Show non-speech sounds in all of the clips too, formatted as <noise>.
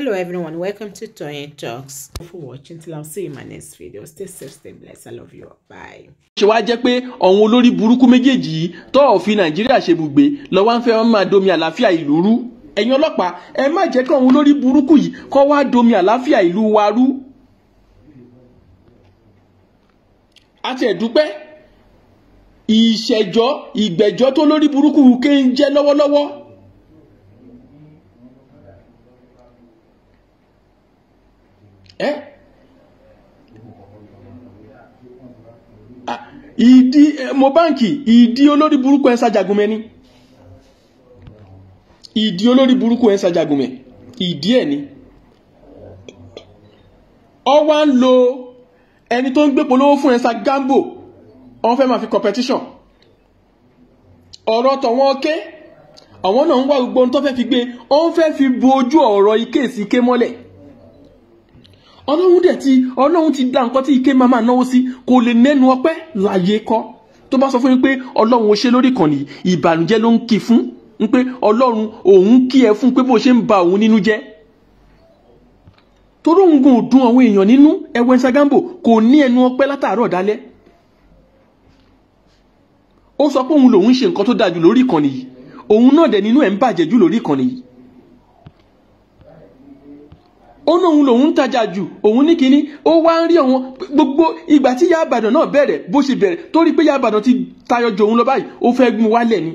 hello everyone welcome to Toyeen Talks Thank you for watching till I see you in my next video stay safe stay blessed i love you bye. ṣé wàá jẹ́ pé ọ̀hún olórí burúkú méjèèjì yìí tó òfin nàìjíríà ṣe bùgbé lọ́wọ́ ń fẹ́ wọn máa domi àlàáfíà ìlú rú ẹ̀yin ọlọ́pàá ẹ má jẹ́ kí ọ̀hún olórí burúkú yìí kó wá domi àlàáfíà ìlú wa rú. a ti ẹ̀dúpẹ́ ìṣẹ̀jọ́ ìgbẹ́jọ́ tó lórí burúkú kí ń jẹ́ Eh? Ah, ìdí eh, mo báǹkì ìdí olórí burúkú ẹ̀ sàjàgùnmẹ́ ni ìdí olórí burúkú ẹ̀ sàjàgùnmẹ́ ìdí ẹ̀ ni ọ wá ń lo ẹni tó ń gbé polówó fún ẹ̀sà gambo wọ́n fẹ́ máa fi competition ọ̀rọ̀ tọ̀wọ́n ọkẹ́ àwọn náà ń wá gbogbo ohun tó fẹ́ fi gbé wọ́n fẹ́ fi bu ojú ọ̀rọ̀ ike sí ike mọ́lẹ̀ ọlọ́run dẹ̀ ti ọlọ́run ti dá nǹkan tí ike máa máa náwó sí kò lè nẹ́nu ọpẹ́ láyé kọ́ tó bá sọ fún yín pé ọlọ́run ò ṣe lórí ìkànnì ìbànújẹ́ ló ń kí fún ń pé ọlọ́run òun kí ẹ fún pé bó ṣe ń ba òun nínú jẹ́ torí òun gùn dùn àwọn èèyàn nínú ẹwẹ́ ṣàgàmbò kò ní ẹnu ọpẹ́ látàárọ̀ dálẹ́ ó sọ pé òun lòun ṣe nǹkan tó dáa jù lórí ìkànnì yìí òun náà dẹ̀ nínú ẹ̀ ń bàjẹ́ jù lórí ìkànnì yìí ó ní òun lòun ń tajà jù òun ní kínní ó wá ń rí òun gbogbo ìgbà tí Ìyá náà bẹ̀rẹ̀ bó ṣe bẹ̀rẹ̀ torí pé Ìyá ti tayọ jù òun lọ báyìí ó fẹ́ gún wálẹ̀ ni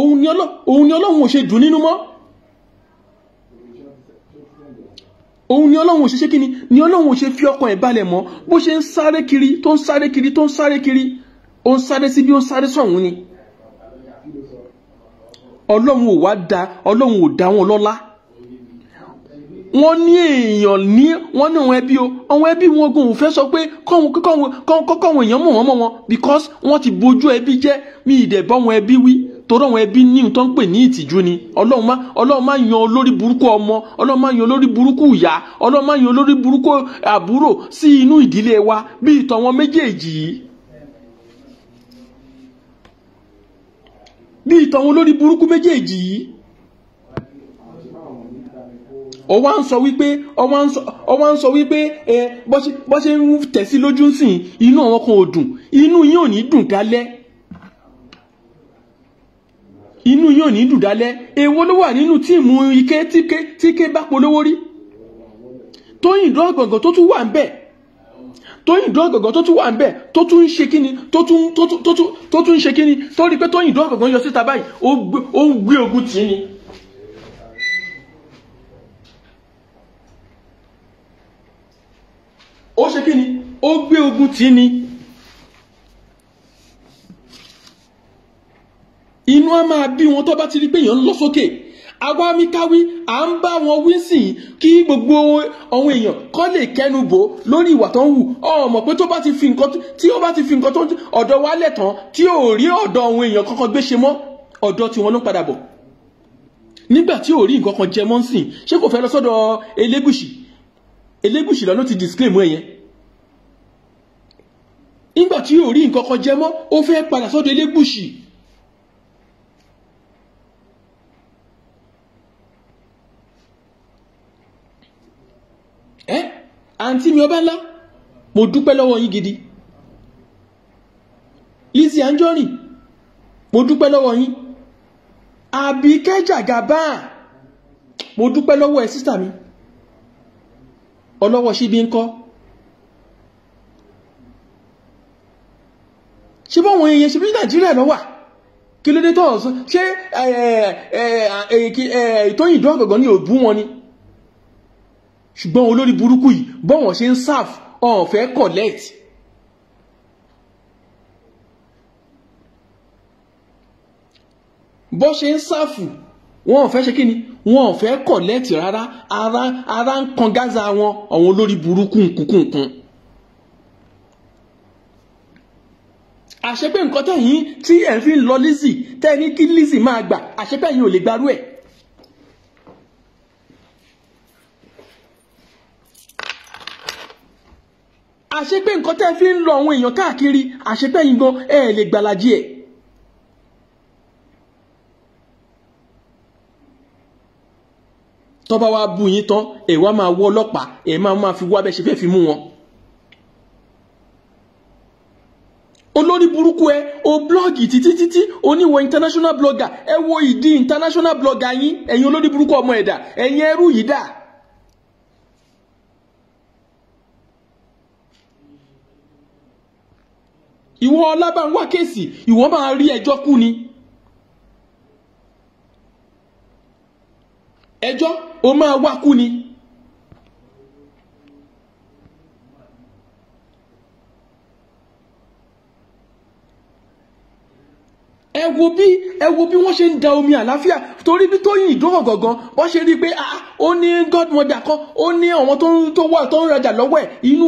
òun ni ọlọ́run ò ṣe dùn nínú mọ́ òun ni ọlọ́run ò ṣe ṣe kí ni ni ọlọ́run ò ṣe fi ọkàn ẹ̀ balẹ̀ mọ́ bó ṣe ń sáré kiri tó ń sáré kiri tó ń sáré kiri ó ń sáré síbi ó ń sáré sọ̀hún ni ọlọ́run ò wá da ọlọ́run ò da wọn lọ́lá wọ́n ní èèyàn ní wọ́n ní àwọn ẹbí o àwọn ẹbí wọn ogun ò fẹ́ sọ pé kọ́wọn kọ́wọn èèyàn mọ̀ wọ́n mọ̀ wọn because wọ́n ti bójú ẹbí jẹ́ mi ìdẹ̀bọ́ wọn ẹbí wí torí àwọn ẹbí ní nǹkan pè ní ìtìjú ni ọlọ́run má ọlọ́run má yan olórí burúkú ọmọ ọlọ́run má yan olórí burúkú ìyá ọlọ́run má yan olórí burúkú àbúrò sí inú ìdílé wa bí ìtàn wọn méjèèjì yìí bí ìtọ̀hún lórí burúkú méjèèjì yìí ọwá ń sọ wípé ọwá ń sọ wípé ẹ bọ́ ṣe ń tẹ̀sí lójú sìn inú àwọn kan ò dùn inú yín ò ní dùn dálẹ́ inú yín ò ní dùn dálẹ́ èwo ló wà nínú tíìmù ike tíke tíke bá polówó rí Tóyìn dọ́gbọ̀ngàn tó tún wà ń bẹ́ẹ̀ tóyìn dán gàngàn tó tún wà níbẹ̀ tó tún ń ṣe kíni tó tún tó tún tó tún ń ṣe kíni tó rí i pé tóyìn dán gàngàn yọ síta báyìí ó ń gbé ogun tì í ni. ó ṣe kíni ó gbé ogun tì í ni. inú á máa bí wọn tó bá ti rí pé èèyàn ń lọ sókè. Okay awámíkáwí à ń bá wọn wí sí i kí gbogbo àwọn èèyàn kọ́ lè kẹnu bò lórí ìwà tó ń wù ọmọ pé tó bá ti fi nǹkan tí ó bá ti fi nǹkan tó ọ̀dọ̀ wálẹ̀ tán tí ò rí ọ̀dọ̀ àwọn èèyàn kankan gbé ṣe mọ́ ọ̀dọ̀ tiwọn ló padà bọ̀ nígbà tí ò rí nǹkan kan jẹ mọ́ ń sìn ṣé kò fẹ́ lọ sọ́dọ̀ Elégùṣì Elégùṣì lọ́nà ti disclaim ẹ̀yẹn nígbà tí ò rí nǹkan kan jẹ mọ́ ó fẹ́ padà sọ́dọ̀ Elégùṣì àǹtí mi ọba ńlá mo dúpẹ́ lọ́wọ́ yín gidi Lizzy Anjorin mo dúpẹ́ lọ́wọ́ yín Àbíkẹ́ Jàgàbá mo dúpẹ́ lọ́wọ́ ẹ sísà mi ọlọ́wọ́ síbi ń kọ́ ṣe bọ́ wọn èèyàn ṣe bí Nàìjíríà lọ́wà kí ló dé tọ́ ṣe ètò ìdán àgbẹ̀gbọ́n ní òbú wọn ni ṣùgbọ́n olórí burúkú yìí bọ́wọ̀n ṣe ń serve ọ̀fẹ́ collect bọ́ ṣe ń serve wọn ò fẹ́ ṣe kíni wọn ò fẹ́ collect rárá ara ara ń kan Gaza wọn àwọn olórí burúkú nkùnkùnkùn. àṣepé nǹkan tẹ̀yìn tí ẹ̀ ń fi lọ Lizzy tẹ́ ní kí Lizzy máa gbà àṣepé yìí ò lè gbarú ẹ̀. àṣepé nǹkan tẹ́ fi ń lọ àwọn èèyàn káàkiri àṣepé yìí gan ẹ lè gbàlàjì ẹ̀. tọ́ba wa bú yín tán ẹ̀ wá máa wọ́ ọlọ́pàá ẹ̀ máa máa fi wá bẹ́ẹ̀ ṣe fẹ́ fi mú wọn. olórí burúkú ẹ o blọ́ọ̀gì títí títí oníwọ international blogger ẹ wo ìdí international blogger yín ẹ̀yin olórí burúkú ọmọ ẹ̀dà ẹ̀yin ẹrú yìí dáa. ìwọ ọlábànwá kéèsì ìwọ máa rí ẹjọ́ kú ni ẹjọ́ o máa wá kú ni. ẹ wo bí ẹ wo bí wọ́n ṣe ń da omi àlàáfíà torí bí Tóyìn Ìdòwò gangan wọ́n ṣe rí i pé ah, ó ní godmother kan ó ní àwọn tó wà tó ń rajà lọ́wọ́ ẹ̀ inú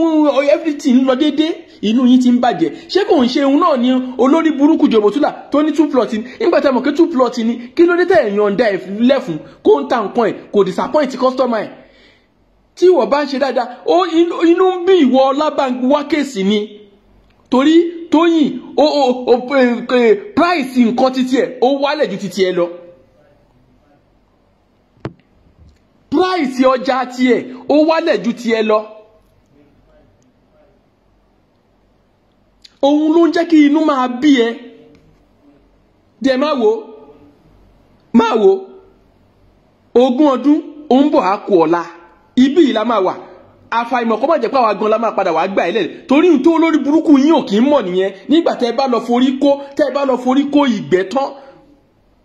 everything ń lọ déédéé inú yín ti ń bàjẹ́ ṣé kò ń ṣe òun náà ni olórí burúkú jòbótúlà tó ní two plot ni nígbà tí a mọ̀ pé two plot ni kí ló dé tẹ̀ ẹ̀yàn ọ̀dà ẹ̀ lẹ́fun kó ń ta nǹkan ẹ̀ kò disappoint customer ẹ̀ tí ìwọ bá ń ṣe dáadáa ó inú ń bí ìwọ ọlábàwákèsì ni torí Tóyìn o o price nǹkan títí ẹ̀ ó wálẹ̀ ju títí ẹ lọ price ọjà tiẹ̀ o wálẹ̀ ju tiẹ̀ lọ. òun ló ń jẹ́ kí inú máa bí ẹ dẹ̀ máa wò máa wò ogún ọdún òun bọ̀ á kú ọ̀la ibí yìí la máa wà àfàìmọ̀ kó má jẹ́ pé àwa gan la máa padà wàá gbà ẹ́ lẹ̀ torí n tó olórí burúkú yín ò kì í mọ̀ nìyẹn nígbà tẹ́ ẹ bá lọ forí kó tẹ́ ẹ bá lọ forí kó ìgbẹ́ tán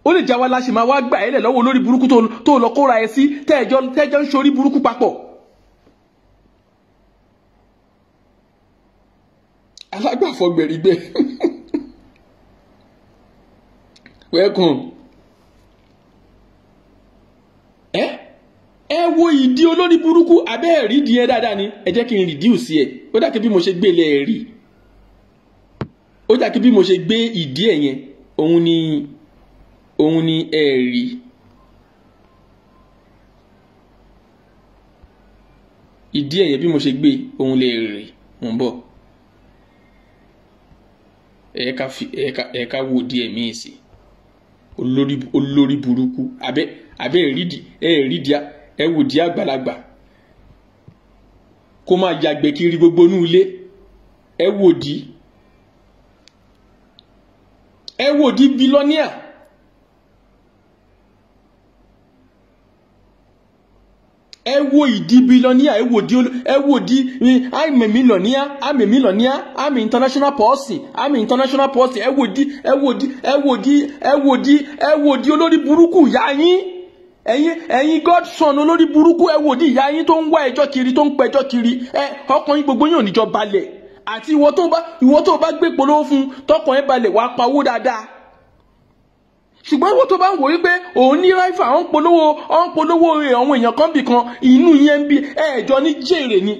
ó lè jáwá láṣẹ máa wá gbà ẹ́ lẹ̀ lọ́wọ́ olórí burúkú tó lọ kóra ẹ sí tẹ́ ẹjọ́ ń ṣorí burúkú papọ̀. alágbàfọ̀ gbèrígbè <laughs> welcome. wo ìdí olórí burúkú abẹ́ ẹ̀rí ìdí yẹn dáadáa ni ẹ jẹ́ kí n rìdíùsì ẹ̀ ó dà kí bí mo ṣe gbé lẹ̀ rí ó dà kí bí mo ṣe gbé ìdí ẹ̀ yẹn òun ni òun ni ẹ̀rí. ìdí ẹ̀yẹ bí mo ṣe gbé òun lè rè mò ń bọ̀ ẹ̀ka wo díẹ̀ míì sí olórí burúkú abẹ́ ẹ̀rídìí ẹ̀rídìí ẹ agbalagba dí àgbàlagbà kó máa kiri gbogbo inú ilé ẹ wò dí ẹ wò dí bílọ́níà ẹ wò ìdí bílọ́níà international person I'm international person ẹ wò dí ẹ wò dí ẹ̀yin ẹ̀yin godson olórí burúkú ẹ wò di ìyá yín tó ń wá ẹjọ́ kiri tó ń pẹjọ́ kiri ẹ ọkàn yín gbogbo yín ò níjọ balẹ̀ àti ìwọ tó bá ìwọ tó bá gbé polówó fún tọkàn yín balẹ̀ wàá pawó dáadáa ṣùgbọ́n ìwọ tó bá ń wò wípé òun ní ráìfà ọ̀n polówó ọ̀n polówó àwọn èèyàn kan bì kan inú yẹn ń bi ẹ̀ẹ́jọ ní jèrè ni.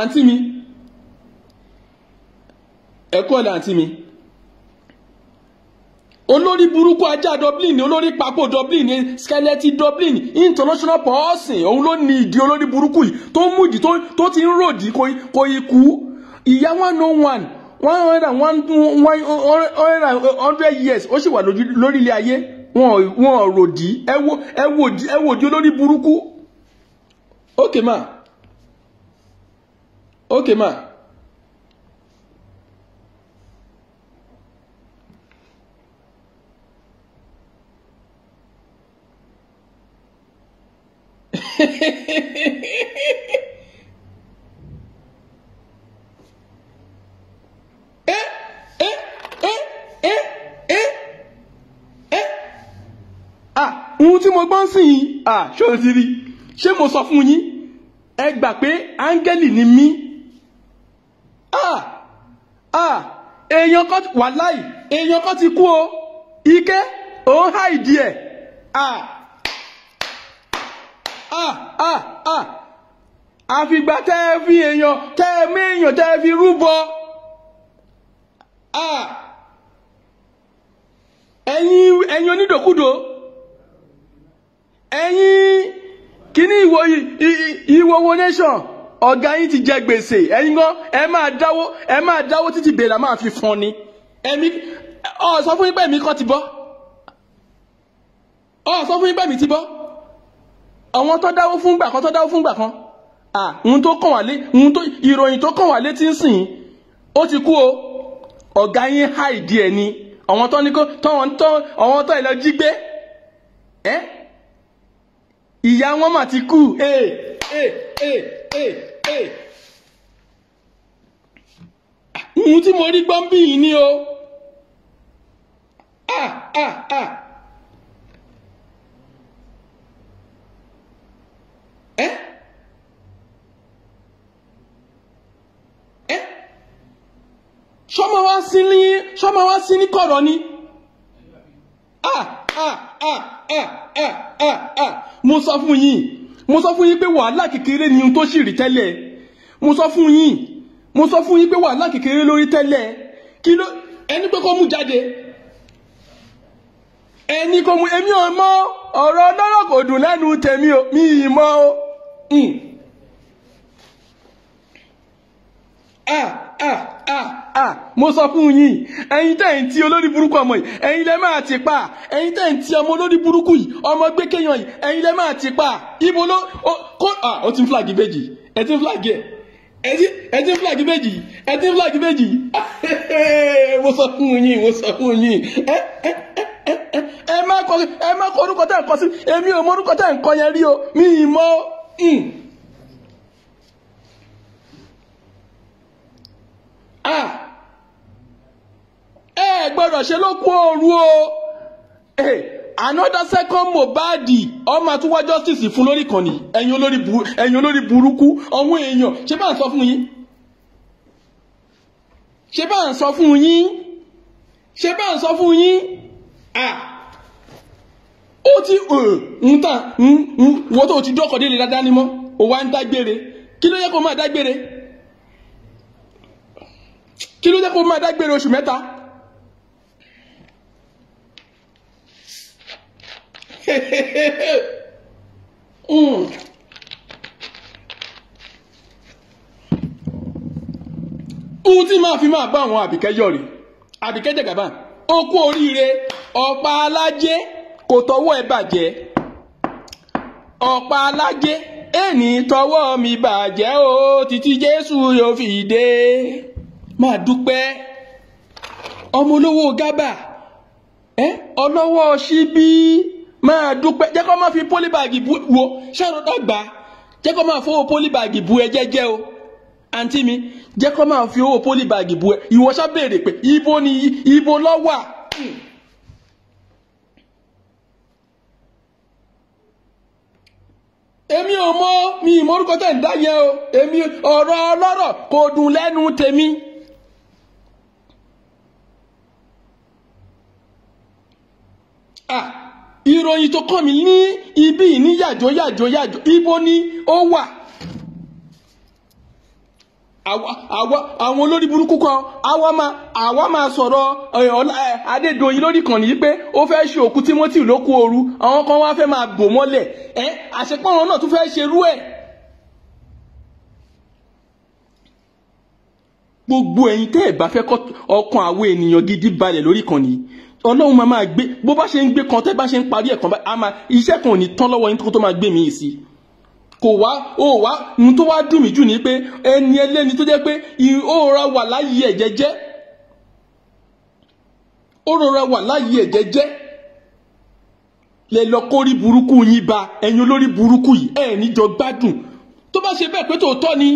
àǹtí mi ẹ̀kọ́ ọ̀la àǹtí mi olórí burúkú ajá Dublin olórí papò Dublin skeleton Dublin international person òun ló ní ìdí olórí burúkú yìí tó mú ìdí tó ti ń ròdì kò ikú ìyá one oh one one hundred and one hundred years ó sì wà lórí ilé ayé wọn ò ròdì ẹ wo ẹ wo ẹ wo di olórí burúkú ókè mà ókè mà. Ah, ohun tí mo gbọ́n sí yìí ah, ṣé o ti rí ṣé mo sọ fún yín ẹ gbà pé áńgẹ́lì ni mí ah, èèyàn kan wà láì èèyàn kan ti kú o ike òun háìdí ẹ̀ Ah, ah, ah àfìgbà tẹ́ ẹ fi èèyàn tẹ́ ẹ méèyàn tẹ́ ẹ fi rúbọ ah. ẹ̀yin ẹ̀yin onídòkúdò ẹ̀yin kíní ìwò ìwò wo nation ọ̀gá yín ti jẹ gbèsè ẹ̀yin gan ẹ máa dáwó ẹ máa dáwó títí bèrè máa fi fọn ni ẹ̀mí ọ̀ sọ fún yín pé ẹ̀mí kan ti bọ́ ọ̀ sọ fún yín pé ẹ̀mí ti bọ́ àwọn tó dáwó fúngbà kan tó dáwó fúngbà kan à ń tó kàn wálé ń tó ìròyìn tó kàn wálé tí ń sìn ó ti kú o ọ̀gá yín háìdí ẹ̀ ni àwọn tó ní kó tọ́wọ́n tọ́ àwọn tó ẹ̀ lọ jí gbé ẹ́ ìyá wọn mà ti kú ẹ̀ ẹ̀ ẹ̀ ẹ̀ ẹ̀ ohun tí mo rí gbọ́n bí yìí ni o. Ah, é é ṣọmọ wa sí ní ṣọmọ wa sí ní kọ̀rọ̀ ah ah ah ah ah a a a mo sọ fún yín mo sọ fún yín pé wàhálà kékeré ni ohun tó sì rí tẹ́lẹ̀ mo sọ fún yín mo sọ fún yín pé wàhálà kékeré lórí tẹ́lẹ̀ kí ló ẹni pé kó mú jáde ẹni kó mú èmi ò mọ ọ̀rọ̀ ọlọ́rọ̀ kò dùn lẹ́nu tèmi ò ì mọ́ o. Mm. Ah, ah, ah, ah. Mo sọ fún yín, ẹ̀yin tẹ́ ń ti olórí burúkú ọmọ yìí, ẹ̀yin lẹ́ máa ti pa, ẹ̀yin tẹ́ ń ti ọmọ olórí burúkú yìí, ọmọ gbé kéèyàn yìí, ẹ̀yin lẹ́ máa ti pa, ibo ló kó ah ó ti ń flagi méjì, ẹ ti ń flag ẹ̀, ẹ ti ń flagi méjì, ẹ ti ń flagi méjì, <laughs> mo sọ fún yín, mo sọ fún yín, ẹ ẹ ẹ ẹ ẹ má kọ orúkọ tẹ́ ń kọ sí, èmi ò mọ orúkọ tẹ́ ń kọ yẹn rí o, mi ì mọ́ in Ah. ẹ gbọ́dọ̀ ṣe ló kú ooru o another second Mohbad ọmọ àtúwá justice fún lórí ìkànnì ẹ̀yin olórí burúkú ọ̀hún èèyàn ṣé bá ń sọ fún yín ṣé bá ń sọ fún yín ṣé bá ń sọ fún yín ah ó ti ń tà wọ́n tó ti dọ́kọ̀ délé dáadáa ni mọ́ ó wá ń dágbére kí ló yẹ kó máa dágbére kí ló yẹ kó máa dágbére oṣù mẹ́ta. <laughs> mm. ohun tí máa fi máa bá àwọn àbíkẹ́ yọ̀rí àbíkẹ́ jẹ̀gàbá ó kú oríire ọ̀pá alájẹ́ kò tọwọ́ ẹ bàjẹ́ ọ̀pá alájẹ́ ẹni tọwọ́ mi bàjẹ́ o títí Jésù yóò fi dé máa dúpẹ́ ọmọ olówó gábà ẹ ọlọ́wọ́ ṣíbí máa dúpẹ́ jẹ́ kó máa fi pólíbàgì bu wo ṣàrò dàgbà jẹ́ kó máa fowó pólíbàgì bu ẹ jẹ́jẹ́ o àǹtí mi jẹ́ kó máa fi owó pólíbàgì bu ẹ ìwọ ṣá béèrè pé ibo ni ibo ló wà. èmi ò mọ mi ì mọrúkọ tẹ̀ ń dá yẹn o èmi ọ̀rọ̀ ọlọ́rọ̀ kò dùn lẹ́nu tèmi. ìròyìn tó kàn mí ní ibi ìníyàjó yàjó yàjó ibo ni ó wà àwọn olórí burúkú kan àwa máa àwa máa sọ̀rọ̀ eh, eh, Adédoyin lórí kan nìyí pé ó fẹ́ ṣe òkú Timothy lókù ooru àwọn kan wá fẹ́ máa bò mọ́lẹ̀ ẹ eh, àṣepọ̀ wọn náà tún fẹ́ ṣerú ẹ̀. gbogbo ẹ̀yin tẹ́ ẹ̀ bá fẹ́ kọ́ ọkàn àwọn ènìyàn gidi balẹ̀ lórí kan nìyí ọlọ́run máa máa gbé bó bá ṣe ń gbé kan tẹ́ bá ṣe ń parí ẹ̀ kan bá iṣẹ́ kan ò ní tán lọ́wọ́ yín tó máa gbé mi yìí sí i kò wá ó wá ohun tó wá dùn mí jù ni pé ẹni ẹlẹ́ni tó jẹ́ pé ó rọra wà láyé ẹ̀ jẹ́jẹ́ ó rọra wà láyé ẹ̀ jẹ́jẹ́ lẹ burúkú yín ba ẹ̀yin olórí burúkú yìí ẹ̀ níjọ gbádùn tó bá ṣe bẹ́ẹ̀ pé tòótọ́ ni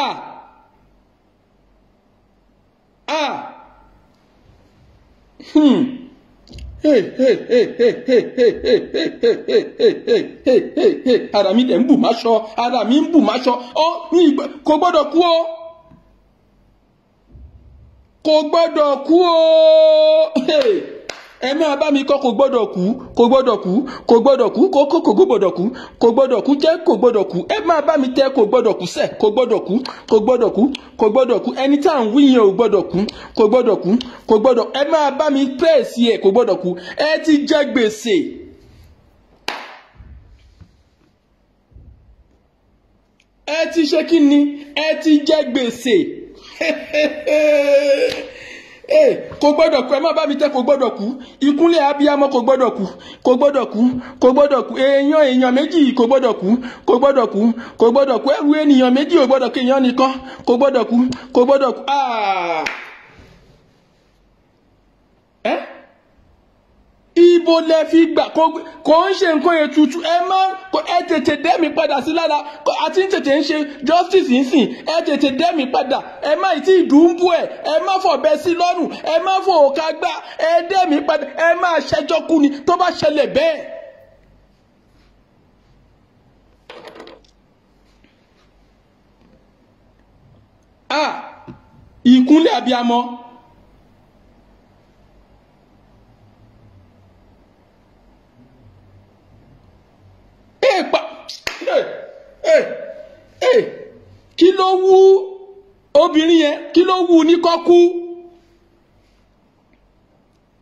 a a hmm ara mi dẹ̀ ń bù máṣọ ara mi ń bù máṣọ ọ ní ìgbà kò gbọ́dọ̀ kú o kò gbọ́dọ̀ kú o ẹ Abami bá mi kọ́ kò gbọ́dọ̀ kú kò gbọ́dọ̀ kú kò gbọ́dọ̀ kú kò kò kò gbọ́dọ̀ kú kò gbọ́dọ̀ kú jẹ́ kò gbọ́dọ̀ kú ẹ máa bá mi tẹ kò gbọ́dọ̀ kú sẹ̀ kò gbọ́dọ̀ kú kò gbọ́dọ̀ kú kò gbọ́dọ̀ kú ẹni tá à ń wí ò gbọ́dọ̀ kú kò gbọ́dọ̀ kú kò gbọ́dọ̀ ẹ máa pèsè ẹ kò gbọ́dọ̀ kú ẹ ti jẹ gbèsè. ẹ ti ṣe kí ni ẹ ti jẹ gbèsè ee kò gbọ́dọ̀ kú ẹ má bá mi tẹ́ kò gbọ́dọ̀ kú ìkúnlẹ̀ abiyamọ kò gbọ́dọ̀ kú kò gbọ́dọ̀ kú kò gbọ́dọ̀ kú èèyàn èèyàn méjì kò gbọ́dọ̀ kú kò gbọ́dọ̀ kú kò gbọ́dọ̀ kú ẹrù ènìyàn méjì ò gbọ́dọ̀ kú èèyàn nìkan kò gbọ́dọ̀ kú kò gbọ́dọ̀ kú. ẹ ibo lẹ fi gbà kò ń ṣe nǹkan yẹn tuntun ẹ má ẹ tètè dẹ́mi padà sí lára àti ń tètè ń ṣe justice nsìn ẹ tètè dẹ́mi padà ẹ má ì tí ì dùnbù ẹ ẹ má fọ̀bẹ sí lọ́rùn ẹ má fọ òkà gbá ẹ dẹ́mi padà ẹ má ṣẹjọ́ kú ni tó bá ṣẹlẹ̀ bẹ́ẹ̀. a ìkúnlẹ̀ abiyamọ. ló wú obìnrin yẹn kí ló wú ní kọ́kú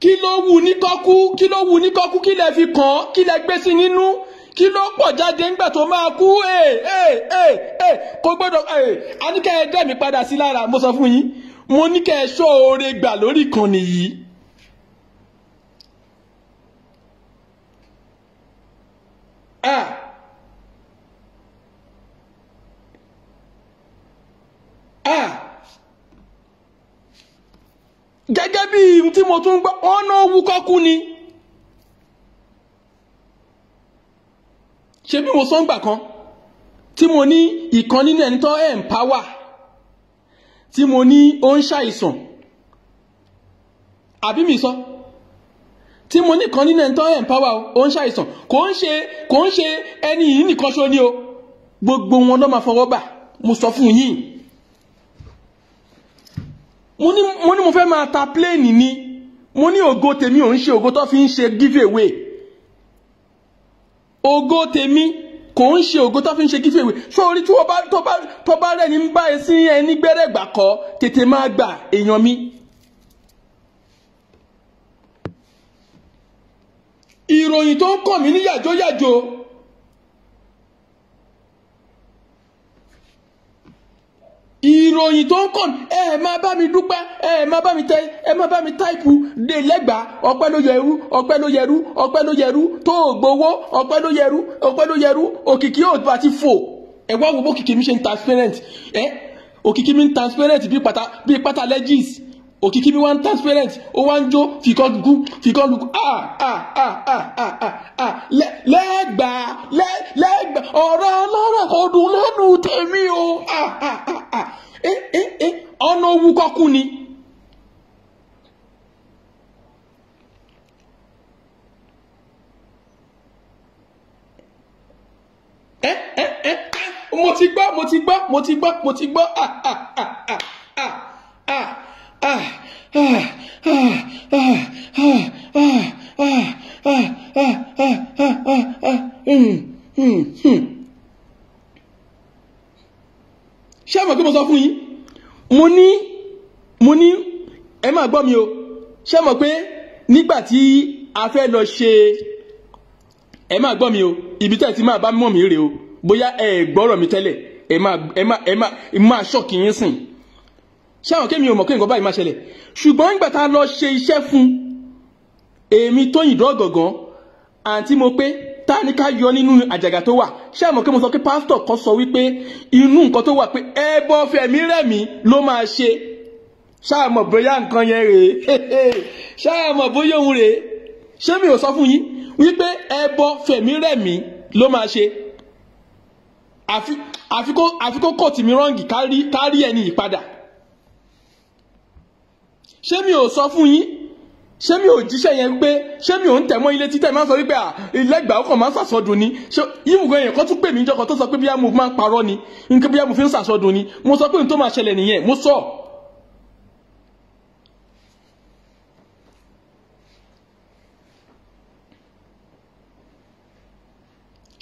kí ló wú ní kọ́kú kí ló wú ní kọ́kú kí lẹ fi kàn án kí lẹ gbé sí nínú kí ló pọ̀ jáde ńgbà tó máa kú ee eh, ee eh, ee eh, ee kò gbọ́dọ̀ ee àníkẹ́ ẹ dẹ́mi padà sí lára mo sọ fún yín mo ní kẹ́ ẹ ṣọ́ oore gbà lórí ìkànnì yìí. ah gẹ́gẹ́ bí tí mo tún gbọ́ wọ́n náà wúkọ́ kú ni ṣe bí mo sọ́ngbà kan tí mo ní ìkan nínú ẹni tó ẹ̀ǹpáwà tí mo ní ó ń ṣàìsàn àbí mi sọ tí mo ní ìkan nínú ẹni tó ẹ̀ǹpáwà ó ń ṣàìsàn kò ń ṣe kò ń ṣe ẹni yìí nìkan ṣó ni o gbogbo wọn ló máa fọwọ́ bà mo sọ fún yín mo ní mo fẹ́ máa ta pléènì ni mo ní ògo tèmi ò ń ṣe ògo tó fi ń ṣe away. ògo tèmi kò ń ṣe ògo tó fi ń ṣe giveaway sórí tí tó bá rẹ̀ ní ń bá ẹ sí ẹni gbẹ́rẹ́gbà kọ́ tètè máa gbà èèyàn mi. ìròyìn tó ń kàn mí níyàjóyàjó. ìròyìn tó ń kàn ẹ máa bá mi dúpẹ́ ẹ máa bá mi tẹ ẹ máa bá mi táìpù dé lẹ́gbàá ọpẹ́ ló yẹrú ọpẹ́ ló yẹrú ọpẹ́ ló yẹrú tó o gbowó ọpẹ́ ló yẹrú ọpẹ́ ló yẹrú òkìkí ò bá ti fò ẹ wá wo bó kìkì mi ṣe ń transparent ẹ òkìkí mi ń transparent bí pátá bí pátá legis òkìkí mi wá ń transparent ó wá ń jó fìkọ́lùkù fìkọ́lùkù ah ah ah ah ah ah ah lẹ́gbàá lẹ́gbàá ọ̀rọ̀ ọlọ́rọ̀ kò dùn lẹ́nu tèmi o ah ah ah ah eh eh eh ọ̀nà owó kọ́kú ni. ẹ ẹ ẹ mo ti gbọ́ mo ti gbọ́ mo ti gbọ́ mo ti gbọ́ ah ah ah ah ah ah ah, ah, ah, ah, ah, ah, ah, ah, ah, ah, ah, ah, ah, hmm, hmm, hmm. ṣé àmọ̀ pé mo sọ fún yín mo ní mo ní ẹ máa gbọ́ mi o ṣé àmọ̀ pé nígbà tí a fẹ́ lọ ṣe ẹ máa gbọ́ mi o ibi tẹ́ ti máa bá mọ̀ mí rè o bóyá ẹ gbọ́rọ̀ mi tẹ́lẹ̀ ẹ máa ẹ máa sìn ṣé àwọn kémi ò mọ̀ pé nǹkan báyìí máa ṣẹlẹ̀ ṣùgbọ́n nígbà tá a lọ ṣe iṣẹ́ fún èmi Tóyìn Ìdọ́gọ̀gàn àǹtí mo pé tá a ní ká yọ nínú àjàgà tó wà ṣé àwọn kémi sọ pé pásítọ̀ kan sọ wípé inú nǹkan tó wà pé ẹbọ fẹ̀mí rẹ̀mí ló máa ṣe ṣáàmọ̀ bóyá nǹkan yẹn rèé <laughs> ṣáàmọ̀ bóyá òun rèé ṣé mi ò sọ fún yín wípé ẹbọ fẹ̀mí rẹ̀mí ló máa ṣe àfikó kò tì mí rọ́ǹgì kárí kárí ẹni ìpadà ṣé mi ò sọ fún yín ṣé mi ò jíṣẹ́ yẹn pé ṣé mi ò ń tẹ̀mọ́ ilé títẹ̀ máa ń sọ wípé à ìlẹ́gbàá ọkọ̀ máa ń sàsọdùn ni yíwù gan èèyàn kan tún pè mí jọkọ̀ tó sọ pé bíyà mo máa ń parọ́ ni nǹkan bíyà mo fi ń sàsọdùn ni mo sọ pé n tó máa ṣẹlẹ̀ nìyẹn mo sọ.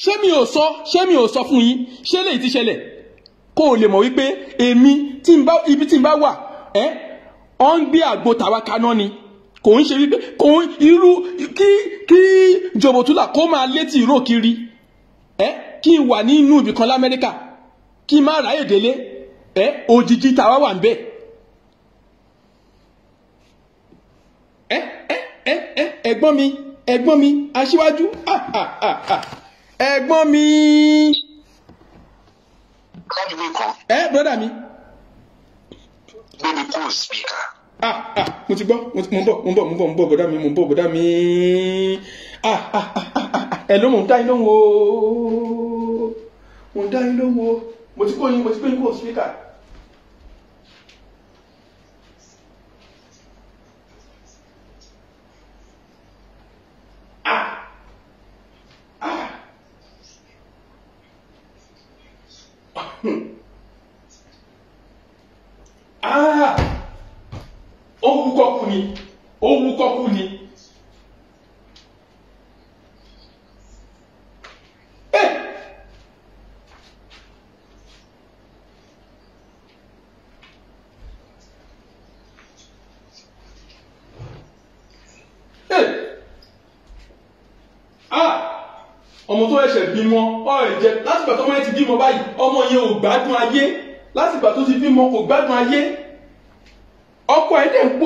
ṣé mi ò sọ ṣé mi ò sọ fún yín ṣé lè ti ṣẹlẹ̀ kó o lè mọ̀ wípé èmi ibi tí n bá wà ẹ́ ọ ń gbé àgbo tàwa kaná ni kò ń ṣe wípé kò ń irú kí kí jòbòtúlà kó máa létí ìró kiri ẹ kí n wà nínú ibì kan lamẹ́ríkà kí n má ráyè délé ẹ òjijì tàwa wà ń bẹ ẹ ẹ ẹ ẹ ẹ̀gbọ́n mi ẹ̀gbọ́n mi aṣíwájú ah ah ah ah ẹ̀gbọ́n mi. ẹ brọ́dà mi gbé mi kó spíkà. ah ah mo ti gbọ́ mo ń bọ̀ mo ń bọ̀ mo ń bọ̀ bọ̀dá mi mo ń bọ̀ bọ̀dá mi ah ah ah ah ẹ̀ ló mò ń dá iná wo mò ń dá iná wo mo ti kó yín mo ti kó yín kó spíkà. Ah, ah. Hmm. ni ó wúkọ́ kú ni. ọmọ tó ẹ̀ṣẹ̀ bímọ ọ̀rẹ́ jẹ látìgbà tó máa ti bímọ báyìí ọmọ yẹn ò gbádùn ayé látìgbà tó ti bímọ kò gbádùn ayé ọkọ ẹ̀ dẹ̀ ń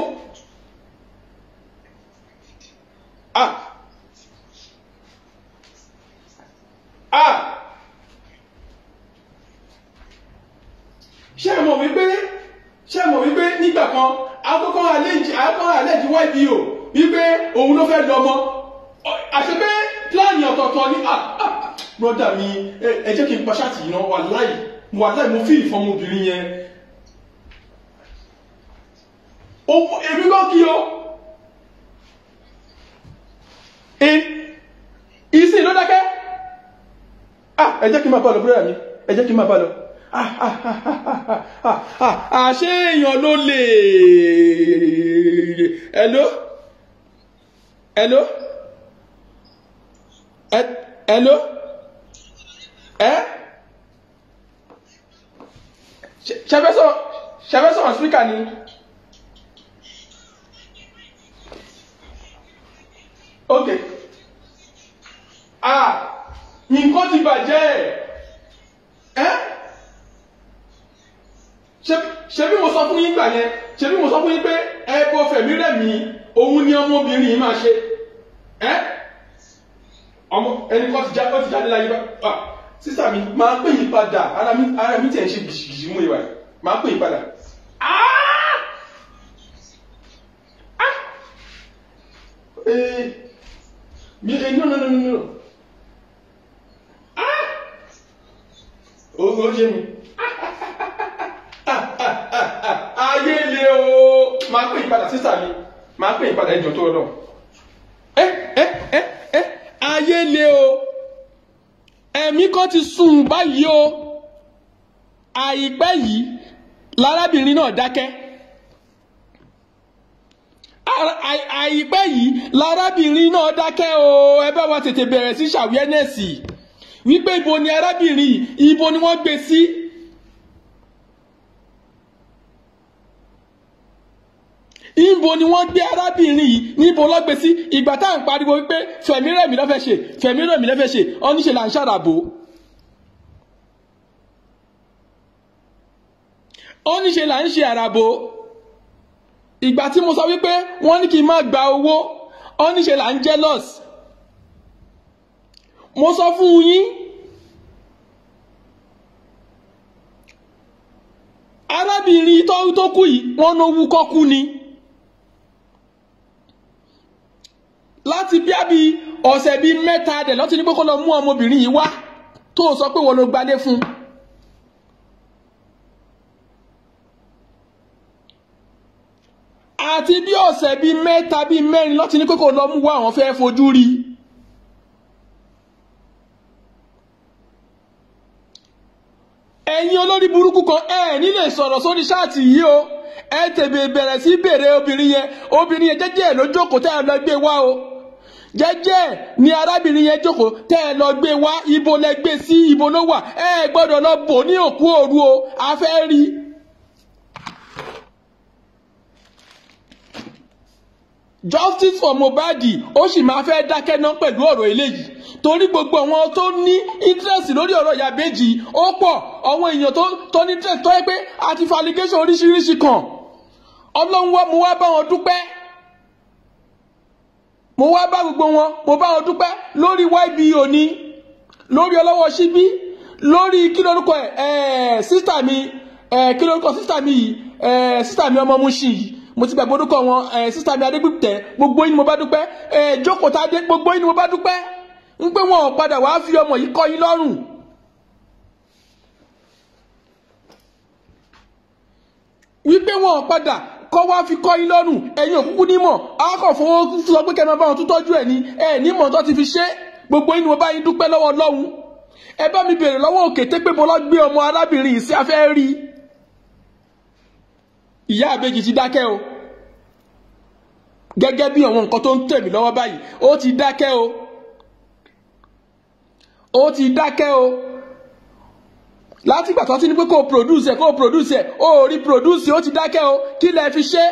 wàhálà mo fi ìfọ̀n obìnrin yẹn owó èmi kọ́ kí o e, ìsìn ló dákẹ́ ah ẹ jẹ́ kí n máa bá lọ búrẹ́dà mi ẹ jẹ́ kí n máa bá lọ ah, ah, ah, àṣé èèyàn ló lè hello hello hello ẹ ṣẹfẹsọ ṣẹfẹsọ wọn spíkà ni. ok ah nǹkan ti bàjẹ́ ẹ ṣebí mo sọ fún yín gbà yẹn ṣebí mo sọ fún yín pé ẹ bọ fẹ̀mí rẹ̀ mí òun ni ọmọbìnrin yìí máa ṣe ẹ ọmọ ẹni kan ti jáde láyé bá. Ah sísá mi máa pè yín padà ara mi tiẹ̀ ń ṣe gìṣìgìṣì mú ìwà yìí máa pè yín padà. mi ẹ e ah! ah! eh, eh, no no no no no ah! o ṣe mi ayé le o máa pè yín padà sísá mi máa pè yín padà ẹjọ́ tó rọrùn ẹ ẹ ẹ ẹ ayé le o ẹ̀mí kan ti sùn báyìí o àìpẹ́ yìí lárábìnrin náà dákẹ́ àìpẹ́ yìí lárábìnrin náà dákẹ́ o ẹ bá wa tètè bẹ̀rẹ̀ sí ṣàwíẹ́nẹ̀sì wípé ibo ni arábìnrin ibo ni wọ́n gbé sí. Si níbo ni wọ́n gbé arábìnrin yìí níbo lọ́gbé sí ìgbà tá à ń pariwo wípé fẹ̀mí rẹ̀mí lọ́fẹ́ ṣe fẹ̀mí rẹ̀mí lọ́fẹ́ ṣe ọ́níṣe là ń ṣàràbò. ọ́níṣe là ń ṣe àràbò ìgbà tí mo sọ wípé wọ́n ní kí n má gba owó ọ́níṣe là ń jealous mo sọ fún yín. arábìnrin tó kú yìí wọ́n ló wú kọ́kú ni. láti bí àbí ọ̀sẹ̀ bíi mẹ́ta dẹ̀ lọ́tí ní pé kó lọ mú ọmọbìnrin yìí wá tó sọ pé wọ́n ló gbalé fún un. àti bí ọ̀sẹ̀ bíi mẹ́ta bíi mẹ́rin lọ́tí ní pé kó lọ mú wá àwọn fẹ́ fojú rí i. ẹ̀yin olórí burúkú kan ẹ̀ ní sọ̀rọ̀ sórí ṣáàtì yìí o ẹ tèbè bẹ̀rẹ̀ sí bèrè obìnrin yẹn obìnrin yẹn jẹ́jẹ́ lójókòó tẹ́ ẹ lọ gbé wá o jẹ́jẹ́ ni arábìnrin yẹn jókòó tẹ́ ẹ lọ gbé wá ibo lẹ gbé sí ibo ló wà ẹ gbọ́dọ̀ lọ bò ní òkú òru o a fẹ́ rí i. justice for Mohbad ó sì máa fẹ́ dákẹ́ ná pẹ̀lú ọ̀rọ̀ eléyìí torí gbogbo àwọn tó ní interest lórí ọ̀rọ̀ ìyàbẹ́jì ó pọ̀ àwọn èèyàn tó ní interest tó yẹ pé àti fa allegation oríṣiríṣi kan ọlọ́run wá mu wá bá wọn dúpẹ́ mo wá bá gbogbo wọn mo bá wọn dúpẹ́ lórí ybo ní lórí ọlọ́wọ́ síbí lórí kí lórúkọ ẹ ẹ sísítà mi ẹ kí lórúkọ sísítà mi yìí ẹ sísítà mi ọmọ Mushin yìí mo ti gbàgbọ́ orúkọ wọn ẹ sísítà mi adégbìtẹ́ gbogbo yín ni mo bá dúpẹ́ ẹ jókòtà adé gbogbo yín ni mo bá dúpẹ́ ń pé wọn ò padà wàá fi ọmọ yìí kọ́ yín lọ́rùn. wípé wọn padà kọ́ wá fi kọ́ yín lọ́rùn ẹ̀yin òkúkú nímọ̀ akọ̀ fowó sọ pé kẹ́mọ́ bá wọn tún tọ́jú ẹ̀ ní ẹ̀ nímọ̀ tó ti fi ṣe gbogbo yín ni mo bá yín dúpẹ́ lọ́wọ́ Ọlọ́run ẹ bá mi bèrè lọ́wọ́ òkè tẹ́ pé mo lọ gbé ọmọ arábìnrin yìí sí afẹ́ rí ìyá àbejì ti dákẹ́ o gẹ́gẹ́ bí àwọn nǹkan tó ń tẹ̀mí lọ́wọ́ báyìí ó ti dákẹ́ o ó ti dákẹ́ o látìgbà tó ti ní pé kó o produce ẹ kó o produce ẹ o ò rí produce ó ti dákẹ́ o kí lẹ fi ṣe.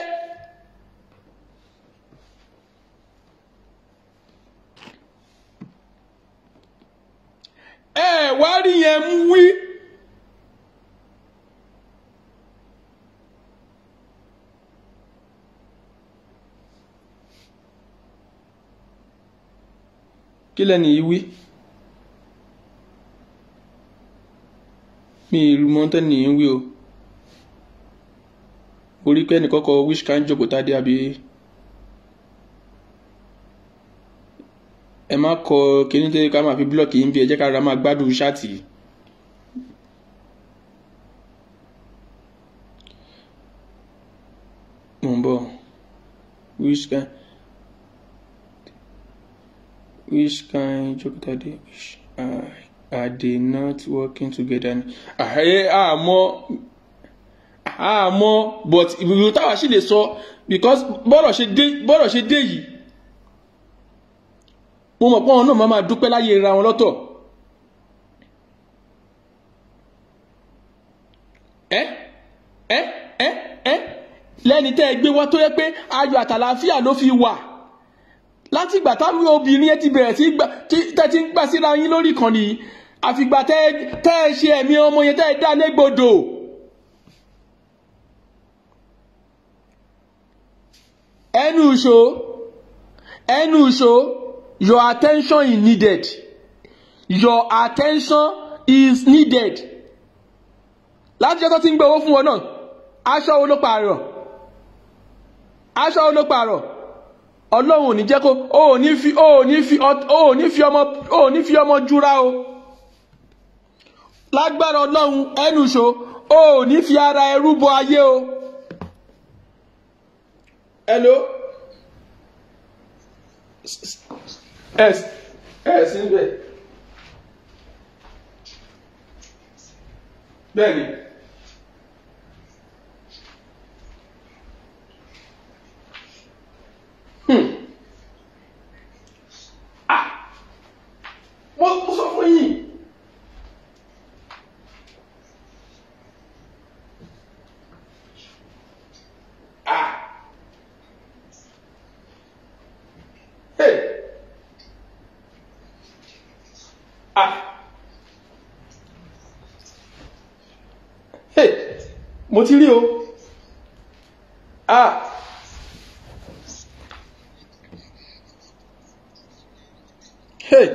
ẹ wá rí yẹn mú wí. kí lẹ́nu yìí wí. mi ìlú mọ́tẹ́nì ń wí o orí pé ẹnìkan kọ which kind job ta dé àbí ẹ má kọ kíní tẹ́ ká máa fi búlọ̀kì yín bí ẹ jẹ́ ká ra máa gbádùn ṣáàtì mo ń bọ̀ which kind which kind job ta dé which. Uh, are they not working together àhẹ́ àmọ́ àmọ́ but ìbùbù táwa sì lè So because bọ́rọ̀ ṣe dé bọ́rọ̀ ṣe dé yìí mo mọ̀ pé wọn náà máa máa dúpẹ́ láyé ra wọn lọ́tọ̀ ẹ ẹ ẹ ẹ lẹ́ni tẹ́ ẹ gbé wá tó yẹ pé ayọ̀ àtàlàáfíà ló fi wà látìgbà táwọn obìnrin yẹn ti bẹ̀rẹ̀ sí tẹ́ ti ń gbà síra yín lórí ìkànnì yìí àfìgbà tẹ́ ẹ ṣe ẹ̀mí ọmọ yẹn tẹ́ dá légbodò. ẹnu ìṣó ẹnu ìṣó your attention is needed your attention is needed láti jẹ́ tó ti ń gbé owó fún wọn náà aṣọ wo ló pààrọ̀ aṣọ wo ló pààrọ̀ ọlọ́run ò ní jẹ́ kó o ò ní fi ọmọ jura o lágbára ọlọ́run ẹnu ṣo o ò ní fi ara ẹrú bọ ayé o. hello ẹ ẹ síbẹ̀ bẹ́ẹ̀ ni. Hmm. Ah! mo sọ fún yín Ah. hey mo ti rí o ah hey.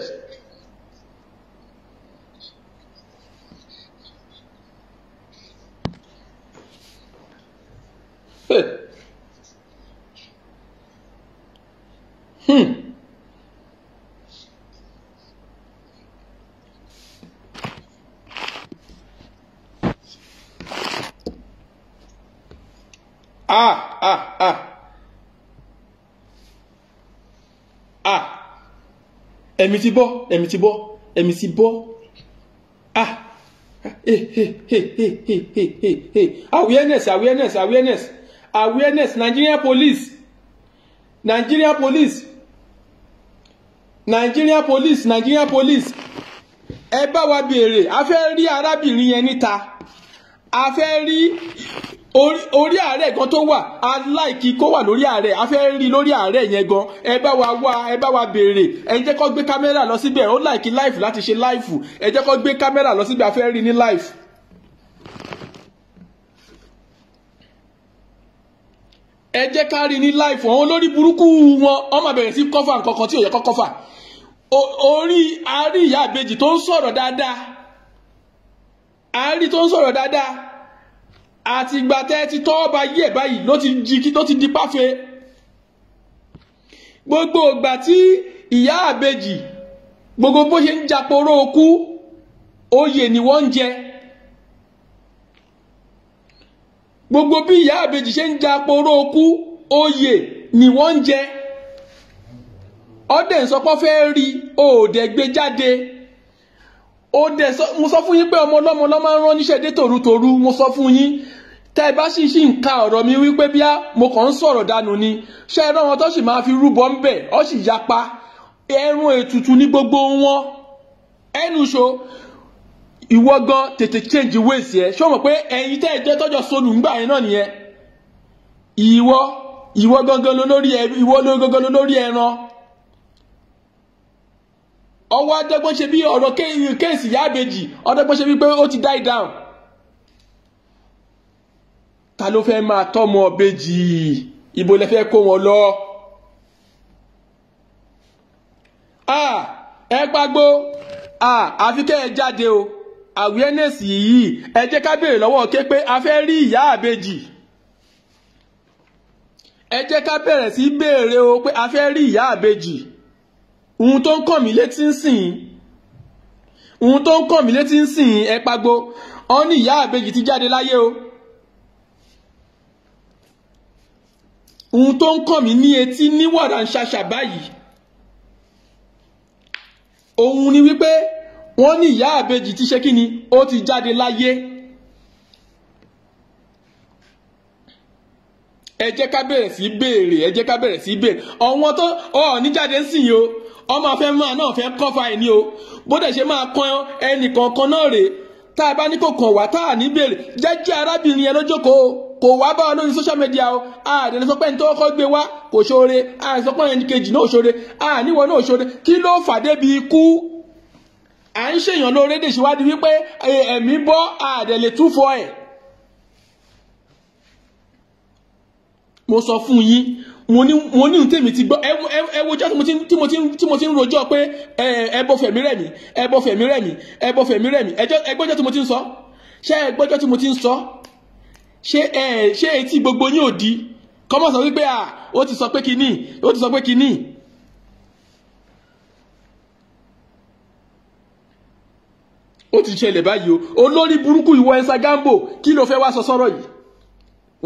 Hey. Hmm. Ah, ah, ah. Ah. Èmi ti bo èmi ti bọ́, èmi ti bọ́. Ah. Hey, hey, hey, hey, hey, hey, hey. Awareness, awareness, awareness. Awareness, Nigerian police. Nigerian police. Nigeria police Nigeria police ẹ bá wa béèrè a fẹ́ rí arábìnrin yẹn níta a fẹ́ rí orí ààrẹ gan tó wà aláìkí kó wà lórí ààrẹ a fẹ́ rí lórí ààrẹ yẹn gan ẹ bá wa wá ẹ bá wa béèrè ẹ jẹ́ kó gbé kámẹ́rà lọ síbẹ̀ ó láìkí láìfù láti ṣe láìfù ẹ jẹ́ kó gbé kámẹ́rà lọ síbẹ̀ a fẹ́ rí ní láìfù. ẹ jẹ́ ká rí ní láìfù àwọn olórí burúkú wọn ọmọ bẹ̀rẹ̀ sí kọ́fà nǹkankan tí ò yẹ kọ́ kọ́fà orí àárí ìyá àbejì tó ń sọ̀rọ̀ dáadáa àárí tó ń sọ̀rọ̀ dáadáa àtìgbà tẹ́ ti tọ́ ọba yí ẹ̀ báyìí ló ti di kí ló ti di páfe gbogbo ìgbà tí ìyá àbejì gbogbo bó ṣe ń japoró okú oyè ni wọ́n ń jẹ gbogbo bí ìyá àbèjì ṣe ń ja poró okú oyè ni wọ́n ń jẹ ọdẹ nsọpọ fẹẹ rí òòdẹ gbé jáde òòdẹ mo sọ fún yín pé ọmọ ọlọmọ ló ń rán níṣẹ́ dé tòrutòru mo sọ fún yín tẹ ẹ bá sì sì ń ka ọ̀rọ̀ mi wípé bíá mo kàn ń sọ̀rọ̀ dànù ni ṣé ẹ rán wọn tó sì máa fi rúbọ ń bẹ ọ sì yapa ẹrun ètùtù ní gbogbo wọn ẹnu ṣo ìwọ gan tètè change ways yẹ ṣé o mọ̀ pé ẹ̀yin tẹ́ ẹ jẹ́ tọ́jọ́ sọnù ńgbà yẹn náà nìyẹn ìwọ ìwọ gangan lórí ẹ ìwọ gangan lórí ẹran ọwọ́ adẹ́gbọ́n ṣe bí ọ̀rọ̀ kéèsì yáàbejì ọdẹ́gbọ́n ṣe bí pé ó ti die down ta ló fẹ́ máa tọ́mọ ọbejì ibo lẹ fẹ́ kó wọn lọ. Ah, ẹ gbàgbó ah, àfi kẹ́ ẹ jáde o awareness yìí ẹ jẹ́ ká béèrè lọ́wọ́ ké pé a fẹ́ rí ìyá àbejì ẹ jẹ́ ká bẹ̀rẹ̀ sí béèrè o pé a fẹ́ rí ìyá àbejì ohun tó ń kàn mí létí ń sìn ohun tó ń kàn mí létí ń sìn ẹ pagbo ọ ní ìyá àbejì ti jáde láyé o ohun tó ń kàn mí ní etí ní wàrà ń ṣàṣà báyìí òun ni wípé wọ́n ní ìyá àbejì ti ṣe kíni ó ti jáde láyé ẹ jẹ́ ká bẹ̀rẹ̀ sí béèrè ẹ jẹ́ ká bẹ̀rẹ̀ sí béèrè ọ̀wọ́n tó ọ̀ọ́ni jáde ń sìn yìí o ọmọ afẹ́ máa náà fẹ́ kọ́fà ẹ̀ ní o bó dẹ̀ ṣe máa kan ẹnì kọ̀ọ̀kan náà rèé tá a bá ní kò kàn wá tá a ní béèrè jẹ́jẹ́ arábìnrin yẹn lọ́jọ́ o kò wá bá lórí social media o àdẹ̀ni sọ pé ní tó kọ́ gbé wá kò ṣoore àdẹ̀ni sọ pé ẹnì kejì náà ṣoore àníwọ̀ náà ṣoore kí ló fàdé bí ikú à ń ṣèyàn lóore dè síwájú wípé ẹ̀mí bọ́ àdẹ̀lẹ̀ túfọ̀ ẹ̀ mo sọ fún yín mo ní mo ní ohun tèmi ti gbọ́ ẹ wo jẹ́ tí mo ti ń rojọ́ pé ẹ bọ́ fẹ̀mí rẹ̀ mí ẹ bọ́ fẹ̀mí rẹ̀ mí ẹ bọ́ fẹ̀mí rẹ̀ mí ẹ gbọ́jọ́ tí mo ti ń sọ ṣé ẹ gbọ́jọ́ tí mo ti ń sọ ṣé ẹ ṣé etí gbogbo yín ò di kọ́mọ̀sán wípé à ó ti sọ pé kinní ó ti sọ pé kinní. ó ti ṣẹlẹ̀ báyìí o olórí burúkú ìwọ ẹ̀sà gambo kí ló fẹ́ wá sọ sọ́rọ̀ yìí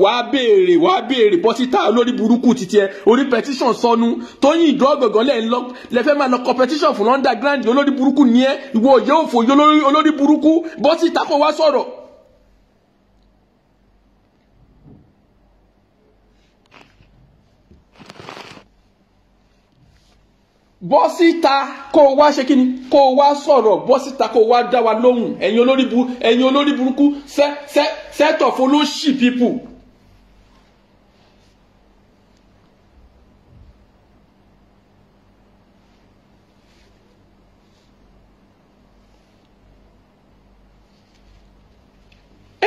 wàá béèrè wàá béèrè bọ́ síta olórí burúkú títí ẹ orí petition sọnù tóyìn ìdúró gbọ̀ngàn lẹ́yìn lọ lẹ́fẹ́ máa lọ kọ petition fún underground olórí burúkú ni ẹ ìwọ òye òfò olórí burúkú bọ́ síta kó wá sọ̀rọ̀ bọ́ síta kó o wá ṣe kí ni kó o wá sọ̀rọ̀ bọ́ síta kó o wá dá wa lóhùn ẹ̀yin olórí burú ẹ̀yin olórí burúkú sẹ́ sẹ́ set of olóṣì people.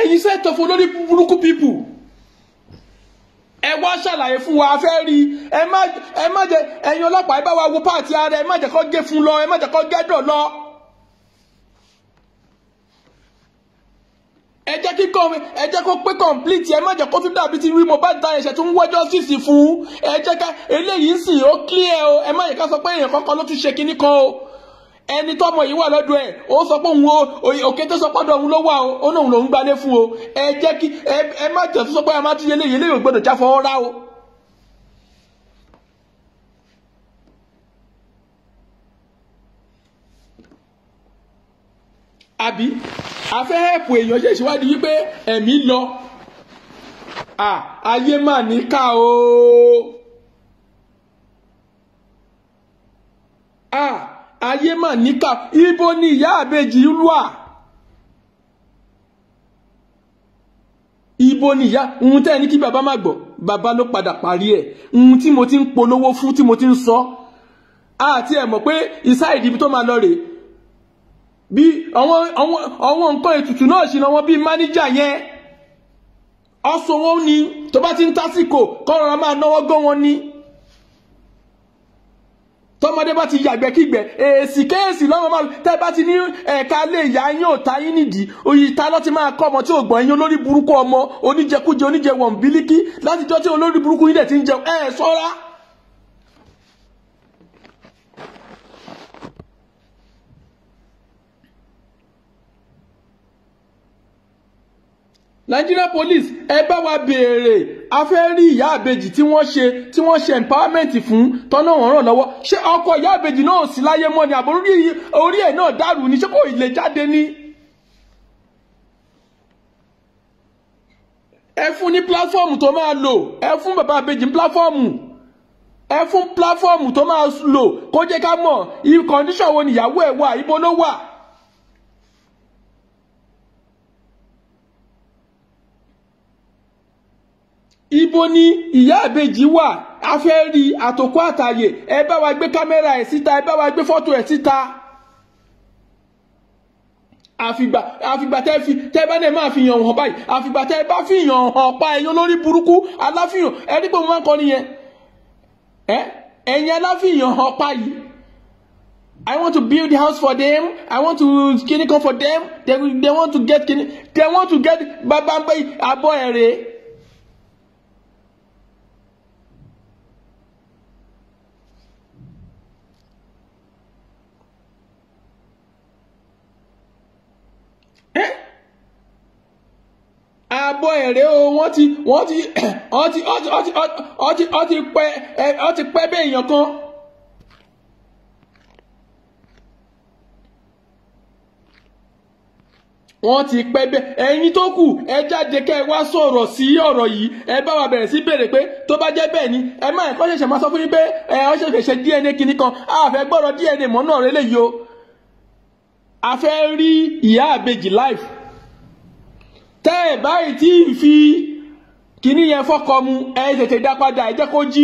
ẹ̀yin set of olórí burúkú people ẹ wá ṣàlàyé fún wa fẹ́ rí ẹ má ẹ má jẹ ẹ̀yin ọlọ́pàá ẹ bá wa wo páàtì ara ẹ má jẹ́ kó gé fún lọ ẹ má jẹ́ kó gẹ́dọ̀ lọ. ẹ jẹ́ kí kàn ẹ jẹ́ kó pé complete ẹ má jẹ́ kó tún dàbí ti rí Mohbad da ẹ̀ṣẹ̀ tó ń wọ́jọ́ sísì fún ẹ jẹ́ ká eléyìí ń sìn ó clear o ẹ má yẹ ká sọ pé èèyàn kankan ló tún ṣe kinní kan o ẹni tọmọ yìí wà lọ́dọ̀ ẹ̀ ó sọ pé òun o òkété sọ pọ́dọ̀ òun ló wà o ó lóun lòún gbalé fún o ẹ jẹ́ kí ẹ má jẹ́ sọ pé a má ti yẹlé yẹlé yóò gbọ́dọ̀ já fọwọ́ rá o. àbí afẹ́ hẹ́pù èèyàn ṣe ìṣèwádìí wípé ẹ̀mí lọ ayé mà ní ká o. ayé mà níkà ibo ni ìyá àbejì wà. ibo ni ìyá ohun tẹ́ ẹ ní kí bàbá má gbọ́ bàbá ló padà parí ẹ̀ ohun tí mo ti ń polówó fún tí mo ti ń sọ àti ẹ̀ mọ̀ pé ìsá ìdìbò tó máa lọ rèé bí àwọn àwọn àwọn nǹkan ètùtù náà ṣe na wọn bíi máníjà yẹn ọsọ wọn ni tó bá ti ń tásìkò kọ́ra máa náwó gbọ́ wọn ni tọmọdé bá ti yàgbẹ́ kígbẹ́ èsì kéèsì lọ́wọ́ máa tẹ́ bá ti ní ẹ̀ka lè yá yín ò ta yín nídìí oyè ta lọ́ ti máa kọ́ ọmọ tí ò gbọ̀n yín olórí burúkú ọmọ oníjẹkújẹ oníjẹwọ̀n bílíkì látijọ́ tí olórí burúkú yín dẹ̀ ti ń jẹun ẹ̀ ṣọ́ra Nigeria police ẹ bá wa béèrè a fẹ́ rí ìyá àbejì tí wọ́n ṣe tí wọ́n ṣe empowerment fún tọ́nà wọn ràn lọ́wọ́ ṣé ọkọ ìyá àbejì náà sì láyé mọ́ ni àbórí orí ẹ̀ náà dàrú ni ṣé kò lè jáde ní. ẹ fún ní pílátọ́ọ̀mù tó máa lò ẹ fún bàbá àbejì pílátọ́ọ̀mù ẹ fún pílátọ́ọ̀mù tó máa lò kó jẹ́ ká mọ̀ ìkọ̀ndíṣàn wo nìyàwó ẹ̀ wà ibo ló wà. ibo ni ìyá ìbejì wà a fẹ́ àtòkọ́ àtàyè ẹ bá wa gbé kámẹ́rà ẹ̀ síta ẹ bá wa gbé fọ́tò ẹ̀ síta àfìgbà àfìgbà tẹ́ fi tẹ́ bá dẹ̀ máa fi yàn hàn báyìí àfìgbà tẹ́ bá fi yàn hàn pa ẹ̀yin olórí burúkú aláfihàn ẹ̀rí pé mo máa ń kọ́ nìyẹn ẹ ẹ̀yin aláfihàn hàn pa yìí I want to build house for them I want to kini kan for them they, they want to get kini they want to get babambe abọ́ ẹ̀rẹ́. àbọ̀ ẹ̀rẹ́ o <clears throat> wọ́n ti wọ́n ti wọ́n ti wọ́n ti wọ́n ti pẹ́ wọ́n ti pẹ́ bẹ́ẹ̀ èèyàn kan. wọ́n ti pẹ́ bẹ́ẹ̀ ẹ̀yin tó kù ẹ jáde kẹ́ ẹ wá sọ̀rọ̀ sí ọ̀rọ̀ yìí ẹ bá wa bẹ̀rẹ̀ sí béèrè pé tó bá jẹ́ bẹ́ẹ̀ ni ẹ má ẹ̀kọ́ ṣẹ̀ṣẹ̀ máa sọ fún yín pé ẹ ọ ṣẹ̀ṣẹ̀ ṣe DNA kinní kan àfẹ́ gbọ́dọ̀ DNA mọ́nà rẹ lè yọ àfẹ́ rí ìyá àbejì life tẹ́ ẹ̀ báyìí tí ì fi kìíní yẹn fọ́kọ mu ẹ tètè dá padà ẹ jẹ́ kó jí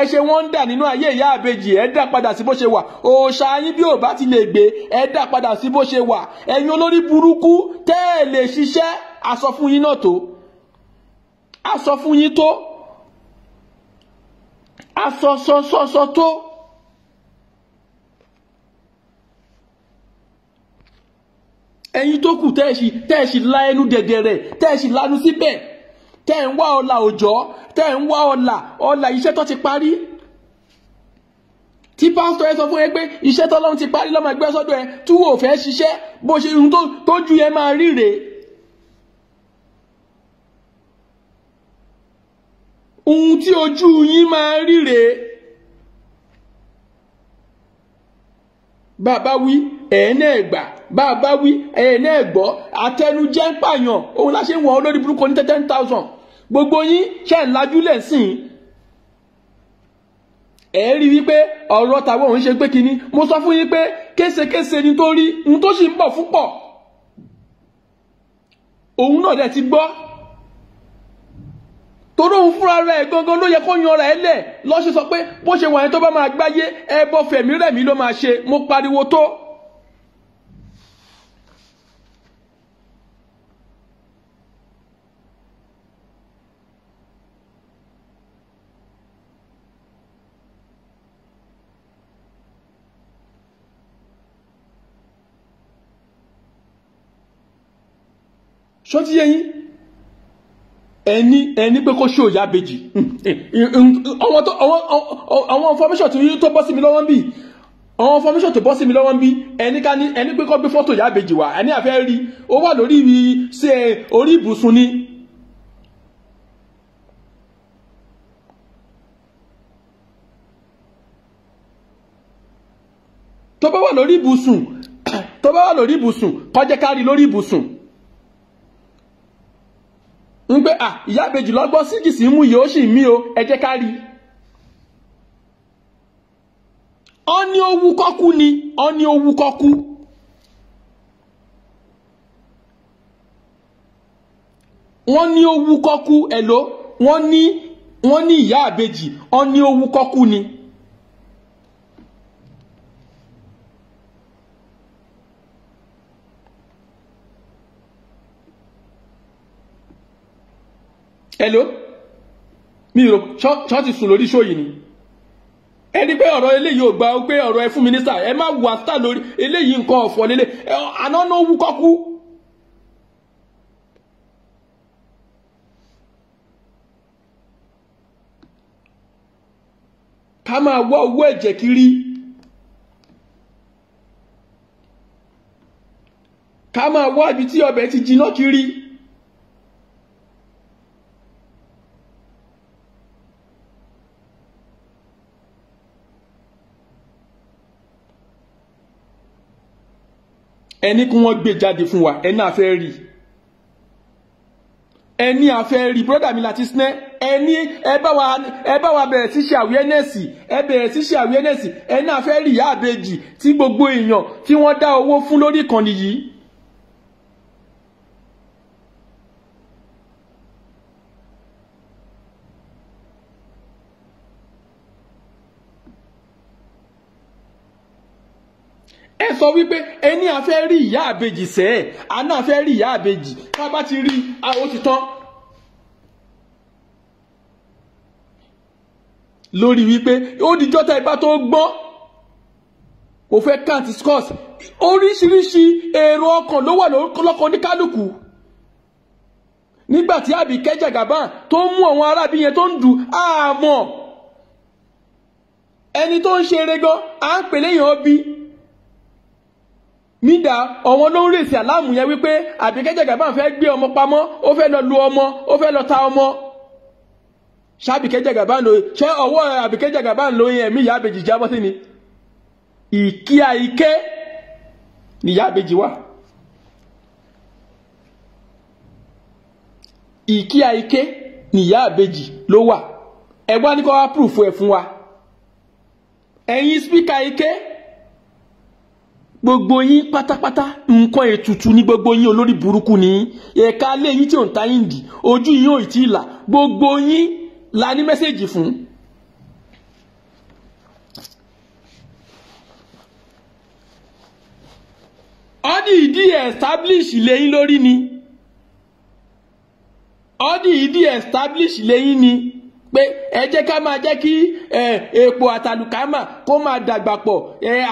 ẹ ṣe wọ́ndà nínú ayé ìyá àbejì ẹ dá padà sí bó ṣe wà òòṣà yín bí ò bá ti lè gbé ẹ dá padà sí bó ṣe wà ẹ̀yin olórí burúkú tẹ́ ẹ̀ lè ṣiṣẹ́ aṣọ yín náà tó aṣọ yín tó aṣọ tó. ẹ̀yin tó kù tẹ́ẹ̀sì tẹ́ẹ̀sì la ẹnu dẹ̀dẹ̀rẹ̀ tẹ́ẹ̀sì lanu síbẹ̀ tẹ́ ẹ̀ ń wá ọ̀la òjọ́ tẹ́ ẹ̀ ń wá ọ̀la ọ̀la iṣẹ́ tó ti parí tí pásítọ̀ ẹ sọ fún ẹ pé iṣẹ́ tọ́lọ́run ti parí lọ́mọ ẹgbẹ́ sọ́dọ̀ ẹ tí wò fẹ́ ṣiṣẹ́ bó ṣe irun tó ju yẹn máa rí rèé ohun tí ojú yín máa rí rèé. bàbá wí ẹ̀ẹ́nà ẹ̀gbà bàbá wí ẹ̀ẹ́nà ẹ̀gbọ́ àtẹnujẹ́ ń pààyàn òun la ṣe ń wọ̀n olórí burúkú ní ten thousand gbogbo yín ṣe ń lajú lẹ̀ sìn ẹ̀ rí wípé ọ̀rọ̀ tàwọn òun ṣe pé kínní mo sọ fún yín pé késekése ni tó rí ohun tó sì ń bọ̀ fún pọ̀ òun náà dẹ̀ ti gbọ́ torí òun fúnra rẹ̀ gangan ló yẹ kó yan ọ̀rẹ́ lẹ̀ lọ́sẹ̀ sọ pé bó ṣe wà yẹn tó bá máa gbáyé ẹbọ fẹ̀mí rẹ̀mí ló máa ṣe mo pariwo tó. ṣó ti yín ẹni ẹni pé kó ṣòó yábejì àwọn tó àwọn information tó tó bọ́ sí mi lọ́wọ́ ń bì àwọn information tó bọ́ sí mi lọ́wọ́ ń bì ẹni ká ní ẹni pé kó gbé fọ́tò yábejì wá ẹni àfẹ́ rí ó wà lórí ibi ṣe orí ibùsùn ni. tó bá wà lórí ibùsùn tó bá wà lórí ibùsùn kó jẹ́ ká rí lórí ibùsùn ń pé à ah, ìyá ìbejì lọ́gbọ́n síkì sí mú yìí ó sì mí o ẹ jẹ́ ká rí i. ọ ní owú kọ́kú ni ọ ní owú kọ́kú. wọ́n ní owú kọ́kú ẹ̀ ló wọ́n ní wọ́n ní ìyá àbejì ọ ní owú kọ́kú ni. hello mi rò ṣọ́ọ̀tì sùn lórí ṣòyí ni ẹni pé ọ̀rọ̀ eléyìí ò gba pé ọ̀rọ̀ ẹ fún mínísítà ẹ má wù àtà lórí eléyìí nǹkan ọ̀fọ̀ lélẹ̀ àná ló wú kọ́kú. ká máa wá owó ẹ̀jẹ̀ kiri ká máa wá ibi tí ọbẹ̀ ti jiná kiri. ẹni kí wọ́n gbé jáde fún wa ẹni àfẹ́ rí ẹni àfẹ́ rí bọ́dà mi láti sinẹ́ ẹni ẹ wa ẹ wa bẹ̀rẹ̀ sí ṣe àwíẹ́nẹ́sì ẹ bẹ̀rẹ̀ sí ṣe àwíẹ́nẹ́sì ẹni àfẹ́ rí ìyá àbejì tí gbogbo èèyàn tí wọ́n dá owó fún lórí ìkànnì yìí ẹ sọ wípé ẹni àfẹ́ rí ìyá àbejì sẹ́ẹ̀ àná àfẹ́ rí ìyá àbejì tá a bá ti rí ó ti tán. lórí wípé ó dijọ́ tá ibà tó gbọ́ kò fẹ́ kant scott oríṣiríṣi èrò ọkàn ló wà lọ́kàn oníkálukú nígbà tí Àbíkẹ́ Jagaban tó mú àwọn arábí yẹn tó ń dù àmọ́ ẹni tó ń ṣe eré gan à ń pè léyìn ọbí nídà ọ̀wọ́n ló ń rèsì àláàmù yẹn wípé Àbíkẹ́ Jagaban fẹ́ gbé ọmọ pamọ́ ó fẹ́ lọ lu ọmọ ó fẹ́ lọ ta ọmọ ṣábìkẹ́ Jagaban ló ṣé ọwọ́ Àbíkẹ́ Jagaban ló yẹn ẹ̀mí ìyá àbèjì jábọ́ sí ni ìkíá ike ni ìyá àbèjì wà ìkíá ike ni ìyá àbèjì ló wà ẹ̀gbọ́n ní kọ́ wá proof ẹ̀ fún wa ẹ̀yin spíkà ike gbogbo yín pátápátá nǹkan ètùtù ní gbogbo yín olórí burúkú ni ẹ̀ka alẹ́ yín tí ò ń ta yín dì ojú yín ò tí ì là gbogbo yín la ní mẹ́sẹ̀gì fún. ọ́dì ìdí establish lẹ́yìn lórí ni ọ́dì ìdí establish lẹ́yìn ni pé ẹ jẹ́ ká máa jẹ́ kí epo àtàlùkámà kó máa dàgbà pọ̀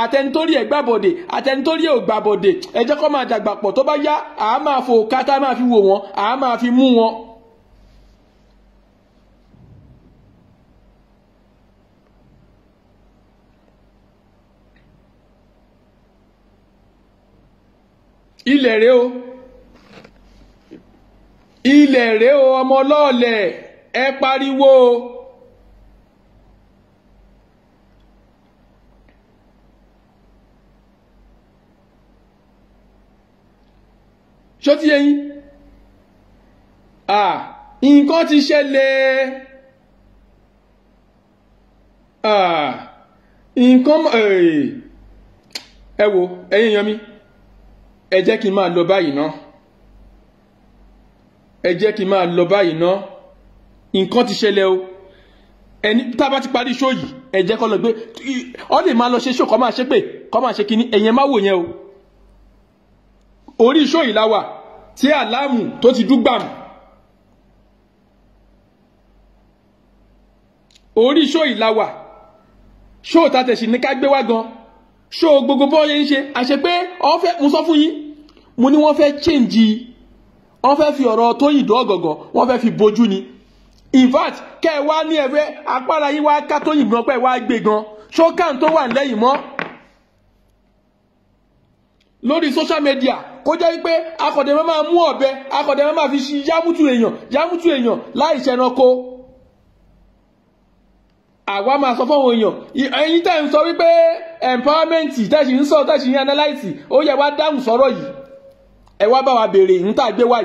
àtẹnitórí ẹ̀ gbàbọ̀dè àtẹnitórí ẹ̀ ò gbàbọ̀dè ẹ jẹ́ kó máa dàgbà pọ̀ tó bá yá àá máa fò kátá máa fi wò wọ́n àá máa fi mú wọn. ilẹ̀ rẹ o ilẹ̀ rẹ o ọmọ ọlọ́ọ̀lẹ̀ ẹ pariwo o ṣó ti yé yín ah nǹkan ti ṣẹlẹ̀ ah nǹkan ẹ wo ẹ̀yin èèyàn mi ẹ jẹ́ kí n máa lọ báyìí ná ẹ jẹ́ kí n máa lọ báyìí ná nǹkan ti ṣẹlẹ̀ o ẹni tá a bá ti parí ṣó yìí ẹ jẹ́ kó lọ gbé ọ lè máa lọ ṣe ṣó kó máa ṣépè kó máa ṣe kinní ẹ̀yẹn má wò yẹn o orí ṣó yìí la wà tí àlámù tó ti dúgbàmù orí ṣó yìí la wà ṣó ta tẹ̀sí ní ká gbé wá gan ṣó gbogbo bọ́ọ̀yẹ ń ṣe àṣẹ pé ọ fẹ́ mo sọ fún yín mo ní wọ́n fẹ́ change wọ́n fẹ́ fi ọ̀rọ̀ Tóyìn Ìdó Ọ̀gọ̀gọ̀ wọ́n fẹ́ fi bojú ni invert kẹ ẹ wá ní ẹ̀rẹ́ apára yín wá ká tó yìnbọn pẹ́ wá gbé gan ṣókàn tó wà lórí social media kó jẹ́ wípé akọ̀dẹ̀ máa mú ọ̀bẹ akọ̀dẹ̀ máa fi ṣi yámútù èèyàn yámútù èèyàn láì ṣẹranko àwa máa sọ fáwọn èèyàn sọ wípé empowerment sọ tẹ̀sí ń analyse ó yẹ wá dáhùn sọ̀rọ̀ yìí ẹ wá bá wa béèrè ń tà gbé wa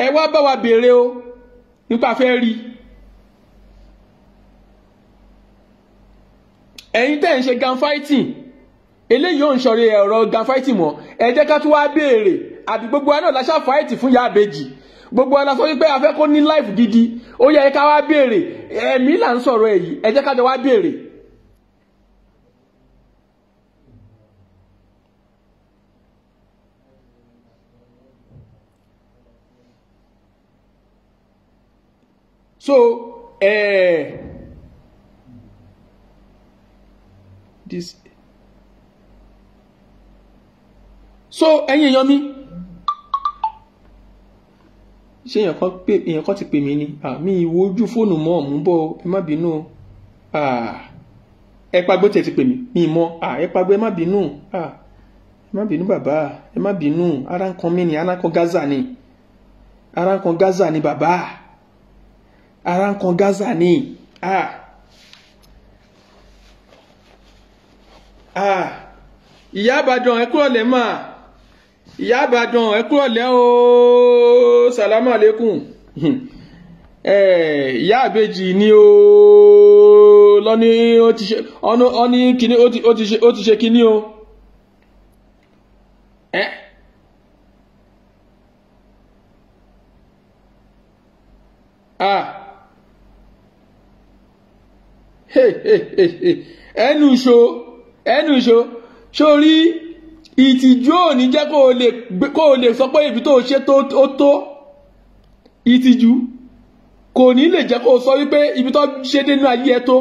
ẹ wá bá wa béèrè o nípa fẹ́ rí ẹ̀yin tẹ́ ń ṣe gunfighting eléyìí ò ń ṣọrí ọ̀rọ̀ gunfighting mọ́ ẹ jẹ́ ká tún wá béèrè àbí gbogbo wa náà la ṣàfáìtì fún ìyá àbèjì gbogbo wa la sọ wípé a fẹ́ kó ní life gidi ó yẹ ká wá béèrè ẹ̀mí là ń sọ̀rọ̀ ẹ̀ yìí ẹ jẹ́ ká jọ wá béèrè. So, uh, this. So, mi, ti pè mí ni? mi ìwo ojú fóònù mọ́ ọ̀mú ọ, ẹ má bínú ti pè mí, mi mọ ẹ má bínú, ẹ má bínú bàbá, ẹ ara ń kan mí ni, Gaza ni, ara ń Gaza ni bàbá. ara ń kan Gaza ah ah ìyá àbàdàn ẹ kúrò lẹ́ mà ìyá àbàdàn ẹ kúrò lẹ́ ooo sàlámà lẹ́kùn ìyá àbèjì ni ooo lọ́ní ó ti ṣe ọ́ní kíní ó o. Ah. <laughs> ẹnu ṣo ẹnu ṣo sórí ìtìjú ò ní jẹ́ kó o lè sọ pé ibi tó o ṣe tó tó ìtìjú kò ní lè jẹ́ kó o sọ wípé ibi tó ṣe dénú ayé ẹ tó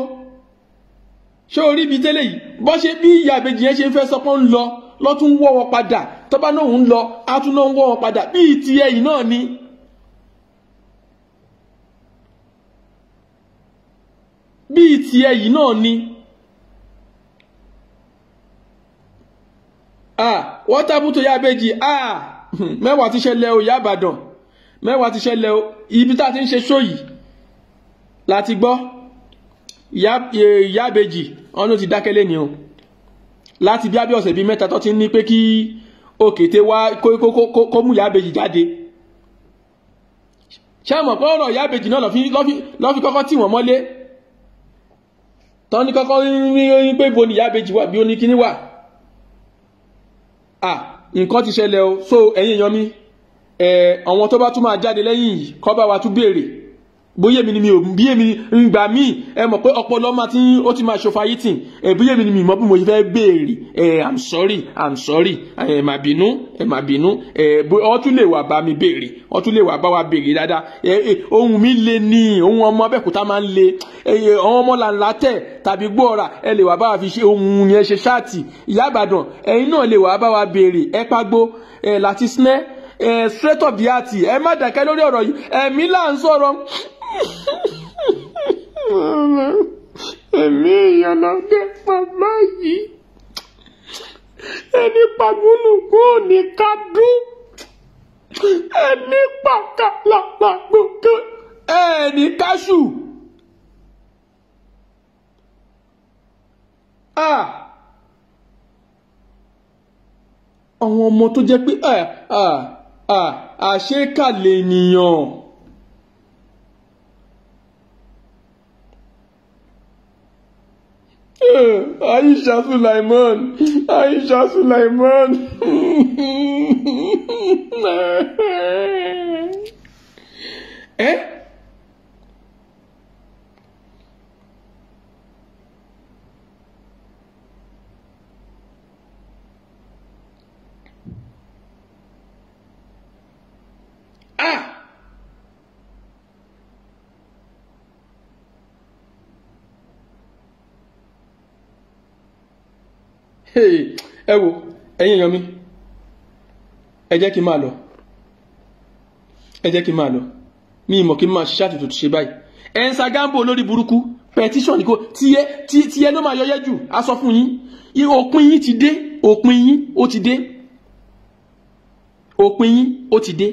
ṣé orí ibi tẹ́lẹ̀ yìí bọ́ ṣe bí ìyá àbèjì yẹn ṣe ń fẹ́ sọ pé ń lọ lọ́tún wọ́ wọn padà tọ́ba náà ń lọ á tún náà ń wọ́ wọn padà bí ìtìyẹ yìí náà ni. bíi tiẹ̀ yìí náà ni. wọ́n tábù tó yá abẹ́jì mẹ́wàá ti ṣẹlẹ̀ o ìyá àbàdàn mẹ́wàá ti ṣẹlẹ̀ o ibi tá a ti ń ṣe sóyìí láti gbọ́ ìyá àbẹ́jì e, ọ̀nà ti dákẹ́ lẹ́ni o láti bí abẹ́ ọ̀sẹ̀ bíi mẹ́ta tó ti ń ní pé kí òkété wá kó mú ìyá àbẹ́jì jáde ṣé àmọ̀ pé ọ̀rọ̀ ìyá àbẹ́jì náà lọ́ fi kọ́kọ́ tì wọ́n mọ́lé tán ní kọ́kọ́ ní pé bo ni ìyá ìbejì wà bí ó ní kíní wà à nǹkan ti ṣẹlẹ̀ o so ẹ̀yin èèyàn mi àwọn tó bá tún máa jáde lẹ́yìn yìí kọ́ bá wa tún béèrè bóyá èmi ni mi ò bí èmi ń gbà mí ẹ mọ̀ pé ọpọlọ máa ti ó ti máa ṣòfò ayé tì ẹ bóyá èmi ni mi mọ̀ bí mo ṣe fẹ́ béèrè ẹ i'm sorry i'm sorry ẹ má bínú ẹ má bínú ẹ ọtún lè wà bá mi béèrè ọtún lè wà bá wa béèrè dáadáa ẹ ẹ ohun mi le ni ohun ọmọ abẹ́kúta máa ń le ẹ àwọn ọmọ làǹlà tẹ̀ tàbí gbọ́ra ẹ lè wà bá wa fi ṣe ohun yẹn ṣe ṣáàtì ìyá àbàdàn ẹ̀yin náà lè wà bá wa béèrè ẹ pàgbó ẹ láti sinẹ́ ẹ straight up the heart ẹ má dàkẹ́ lórí ọ̀rọ̀ yìí ẹ̀mí là ń sọ̀rọ̀ Màmá, ẹ̀mí èèyàn ló dé pàmò yìí. Ẹni pàgùnùkú ò ní ká dún. Ẹni pàkàlà pàgbòkè. Ẹni káṣù. Àwọn ọmọ tó jẹ́ pé àṣekàlè ènìyàn. <laughs> Aisha Sulaiman. Aisha Sulaiman. <laughs> eh? ẹ wo ẹ̀yin èèyàn mi ẹ jẹ́ kí máa lọ ẹ kí máa lọ mi ìmọ̀ kí n máa ṣiṣẹ́ àtúntò ṣe báyìí ẹ̀ ń ṣàgámbò lórí burúkú pẹ̀tíṣọ̀n ni kò tiẹ̀ tiẹ̀ ló máa yọyẹ jù á sọ fún yín òpin yín ti dé òpin yín ó ti dé òpin yín ó ti dé.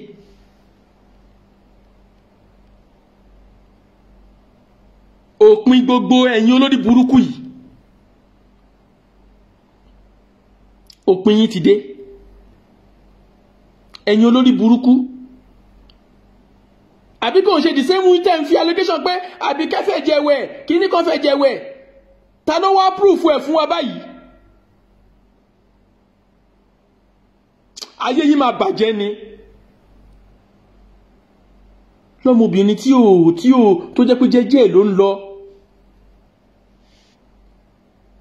òpin gbogbo ẹ̀yin olórí burúkú yìí òpin yín ti dé ẹ̀yin olórí burúkú àbí kò ṣe the same way ten fi allegation pé àbí kẹfẹ́ jẹ̀wẹ̀ kíní kan fẹ́ jẹ̀wẹ̀ ta ló wá proof ẹ̀ fún wa báyìí ayé yìí máa bàjẹ́ ni lọ́mọbìnrin tí ò tí ò tó jẹ́ pé jẹ́jẹ́ ló ń lọ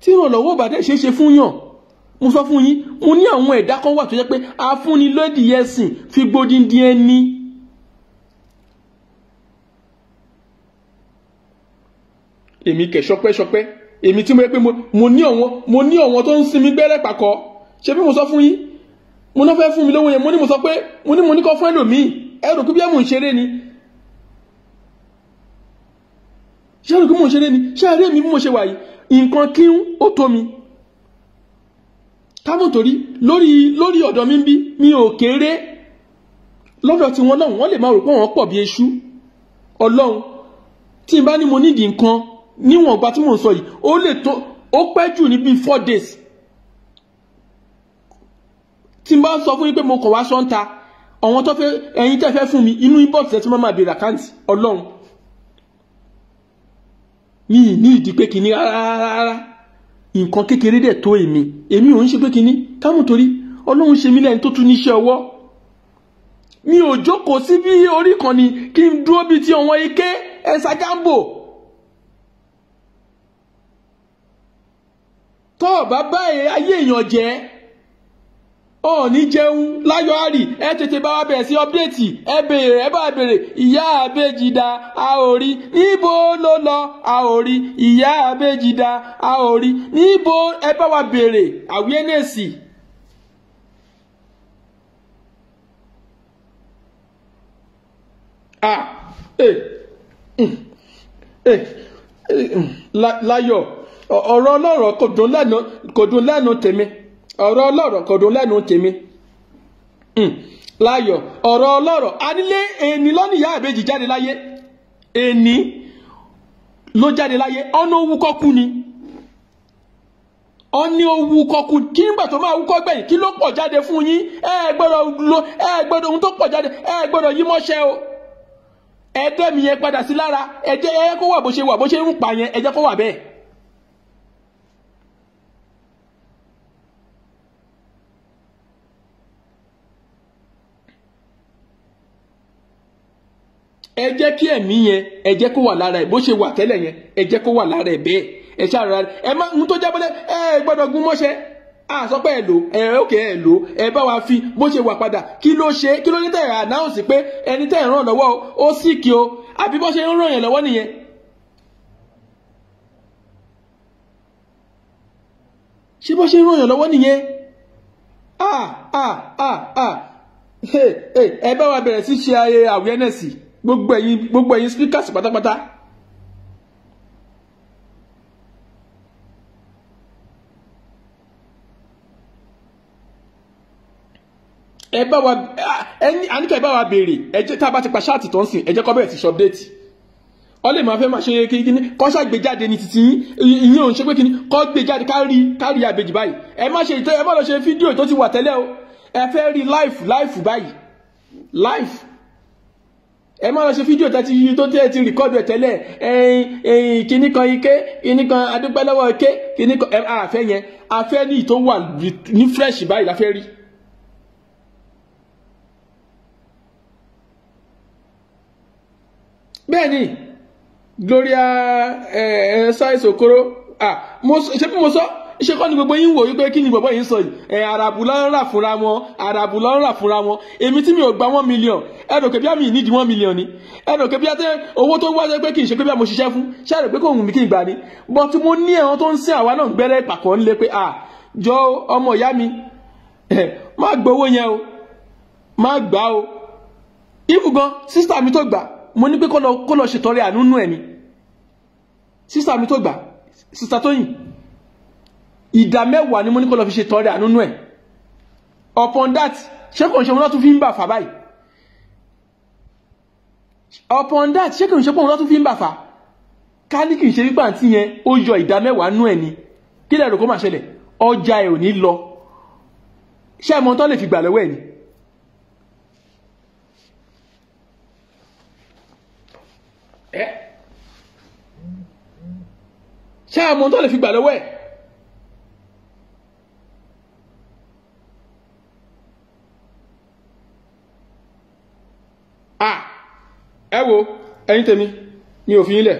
tí ìrànlọ́wọ́ ìbàdàn ṣeé fún yàn mo sọ fún yín mo ní àwọn ẹ̀dá kan wà tó jẹ́ pé afúnilódì ẹ̀sìn fi gbódìndín ẹni. èmi kẹ̀ ṣọpẹ́ṣọpẹ́ èmi tí mo rẹ pé mo ní ọ̀wọ́n mo ní ọ̀wọ́n tó ń sinmi gbẹ́rẹ́ pàkọ́ ṣé bí mo sọ fún yín mo náà fẹ́ fún mi lówó yẹn mo ní mo sọ pé mo ní mo ní kọ́ fún ẹlòmíì ẹrù kí bí ẹ̀ mò ń ṣeré ni ṣé ẹrù kí mò ń ṣeré ni ṣé ẹrù mi bí mo ṣe wà yìí nǹkan kí ó tó mi támùtòrí lórí lórí ọ̀dọ̀ mi ń bí mi ò kéré lọ́dọ̀ tí wọ́n lọ́hùn wọ́n lè máa rò pé wọ́n pọ̀ bí eṣú ọlọ́run tí n bá ní mo nídìí nǹkan níwọ̀n ọgbà tí mò ń sọ yìí ó lè tó ó pẹ́ jù ní bíi four days tí n bá sọ fún yín pé mo kọ̀ wá ṣọ́ńta àwọn tó fẹ́ ẹ̀yin tẹ́ fẹ́ fún mi inú inbox ẹ̀ tí wọ́n máa bèrè àkáǹtì ọlọ́run ní ìdí pé kìíní rárá rárá nǹkan kékeré dẹ̀ tó èmi èmi ò ń ṣe pé kinní kámù torí ọlọ́run ṣe mí lẹ́ni tó tún níṣẹ́ ọwọ́ mi ò jókòó sí bí orí kan ni kí n dúró bíi ti ọ̀wọ́n ike ẹ̀sà jambo tọ́ ọ̀ bá ayé èèyàn jẹ́ ò jẹun láyọ̀ àrì ẹ tètè bá wa bẹ̀rẹ̀ sí ọ́pdẹ́tì ẹ béèrè ẹ bá béèrè ìyá àbẹ́jìdá a ò rí níbo ló lọ a ò rí ìyá àbẹ́jìdá a ò rí níbo wa ọ̀rọ̀ ọlọ́rọ̀ kò lẹ́nu tèmi hmm. láyọ̀ ọ̀rọ̀ ọlọ́rọ̀ anílé ẹni ìyá àbejì jáde láyé ẹni ló jáde láyé ọ̀nà owó kọ́kú ni ọ̀nà owó kọ́kú kí nígbà tó máa wúkọ́ gbẹ̀yìn kí ló pọ̀ jáde fún yín ẹ gbọ́dọ̀ lo ẹ gbọ́dọ̀ ohun tó ẹ gbọ́dọ̀ yí o yẹn padà sí lára ẹ kó wà bó ṣe wà bó ṣe ẹ jẹ́ kí ẹ̀mí yẹn ẹ jẹ́ kó wà lára ẹ̀ bó ṣe wà tẹ́lẹ̀ yẹn ẹ jẹ́ kó wà lára ẹ̀ bẹ́ẹ̀ ẹ ṣàrà ẹ má ń tó jábọ́lẹ̀ ẹ gbọ́dọ̀ gún mọ́ṣẹ́ wa fi bó ṣe wà padà kí ló ṣe kí ló ní tẹ̀ àdáhùnsì pé ẹni tẹ̀ ràn lọ́wọ́ ó sì kí o àbí bó ṣe ń ràn yẹn lọ́wọ́ nìyẹn. ṣé bó ṣe ń ràn yẹn lọ́wọ́ nìyẹn wa bẹ̀rẹ̀ sí ṣe awareness gbogbo ẹ̀yin gbogbo ẹ̀yin speakers pátápátá ẹ bá wa ẹ ní àníkà ẹ bá wa béèrè ẹ jẹ́ tá a bá ti pa ṣáàtì tó ń sìn ẹ jẹ́ kó bẹ̀rẹ̀ sí ṣọpdéètì ọ lè máa fẹ́ máa ṣe kí ni kọ́ ṣàgbéjáde ní títí ìyẹn òun ṣe pé kí ni kọ́ gbéjáde kárí kárí àbèjì báyìí ẹ má ṣe ìtọ́ ẹ má lọ ṣe fídíò tó ti wà tẹ́lẹ̀ o ẹ fẹ́ rí life life báyìí life ẹ má lọ ṣe fídíò tẹ́tí yíyí tó tẹ́ ti rìkọ́dù ẹ̀ tẹ́lẹ̀ ẹ̀yìn ẹ̀yìn kìíní kan ike kìíní kan adúgbẹ́lẹ́wọ̀ ike kìíní kan àfẹ́ yẹn afẹ́ ní ìtò wà ní fresh báyìí láfẹ́ rí. ni Gloria ẹ̀ ẹ̀ sọ èso koro ṣé bí mo sọ. So, ṣe kọ́ ni gbogbo yín wò wípé kí ni bọ̀bọ̀ yín sọ yìí ẹ̀ àràbù ló fúnra wọn àràbù ló fúnra wọn èmi tí mi ò gba one million ẹnu kẹbíà mi nídìí one million ni ẹnu kẹbíà tẹ owó tó wájú pé kì í ṣe kẹbíà mo ṣiṣẹ́ fún ṣáàrẹ̀ pé kò wù mí kí n gbà ni but mo ní ẹ̀wọ̀n tó ń sìn àwa náà gbẹ́rẹ́ pàkọ́ ń lé pé à jọ ọmọ ìyá mi má gbowó yẹn o má gbà o ibù gan sísítà mi tó gbà mo ní pé kó lọ ṣètọrẹ àánú nù ẹ̀mí sísítà mi tó gbà sísítà Tóyìn ìdá mẹ́wàá ni mo ní kó lọ fi ṣe tọrẹ àánú ẹ̀ upon that ṣé kò ń ṣe wọn lọ́tún fi ń bà fà báyìí upon that ṣé kò ń ṣe wọn lọ́tún fi ń bà fà ká ní kì í ṣe wípé àǹtí yẹn ó yọ ìdá mẹ́wàá nú ẹ̀ ni kí lẹ́rù kó máa ṣẹlẹ̀ ọjà ẹ̀ ò ní lọ ṣé ẹ tán lè fi gbà lọ́wọ́ ẹ̀ ni. ṣé ẹ tán lè fi gbà lọ́wọ́ ẹ̀ à ah, ẹ wo ẹ̀yin tèmi mi ò fi yín lẹ̀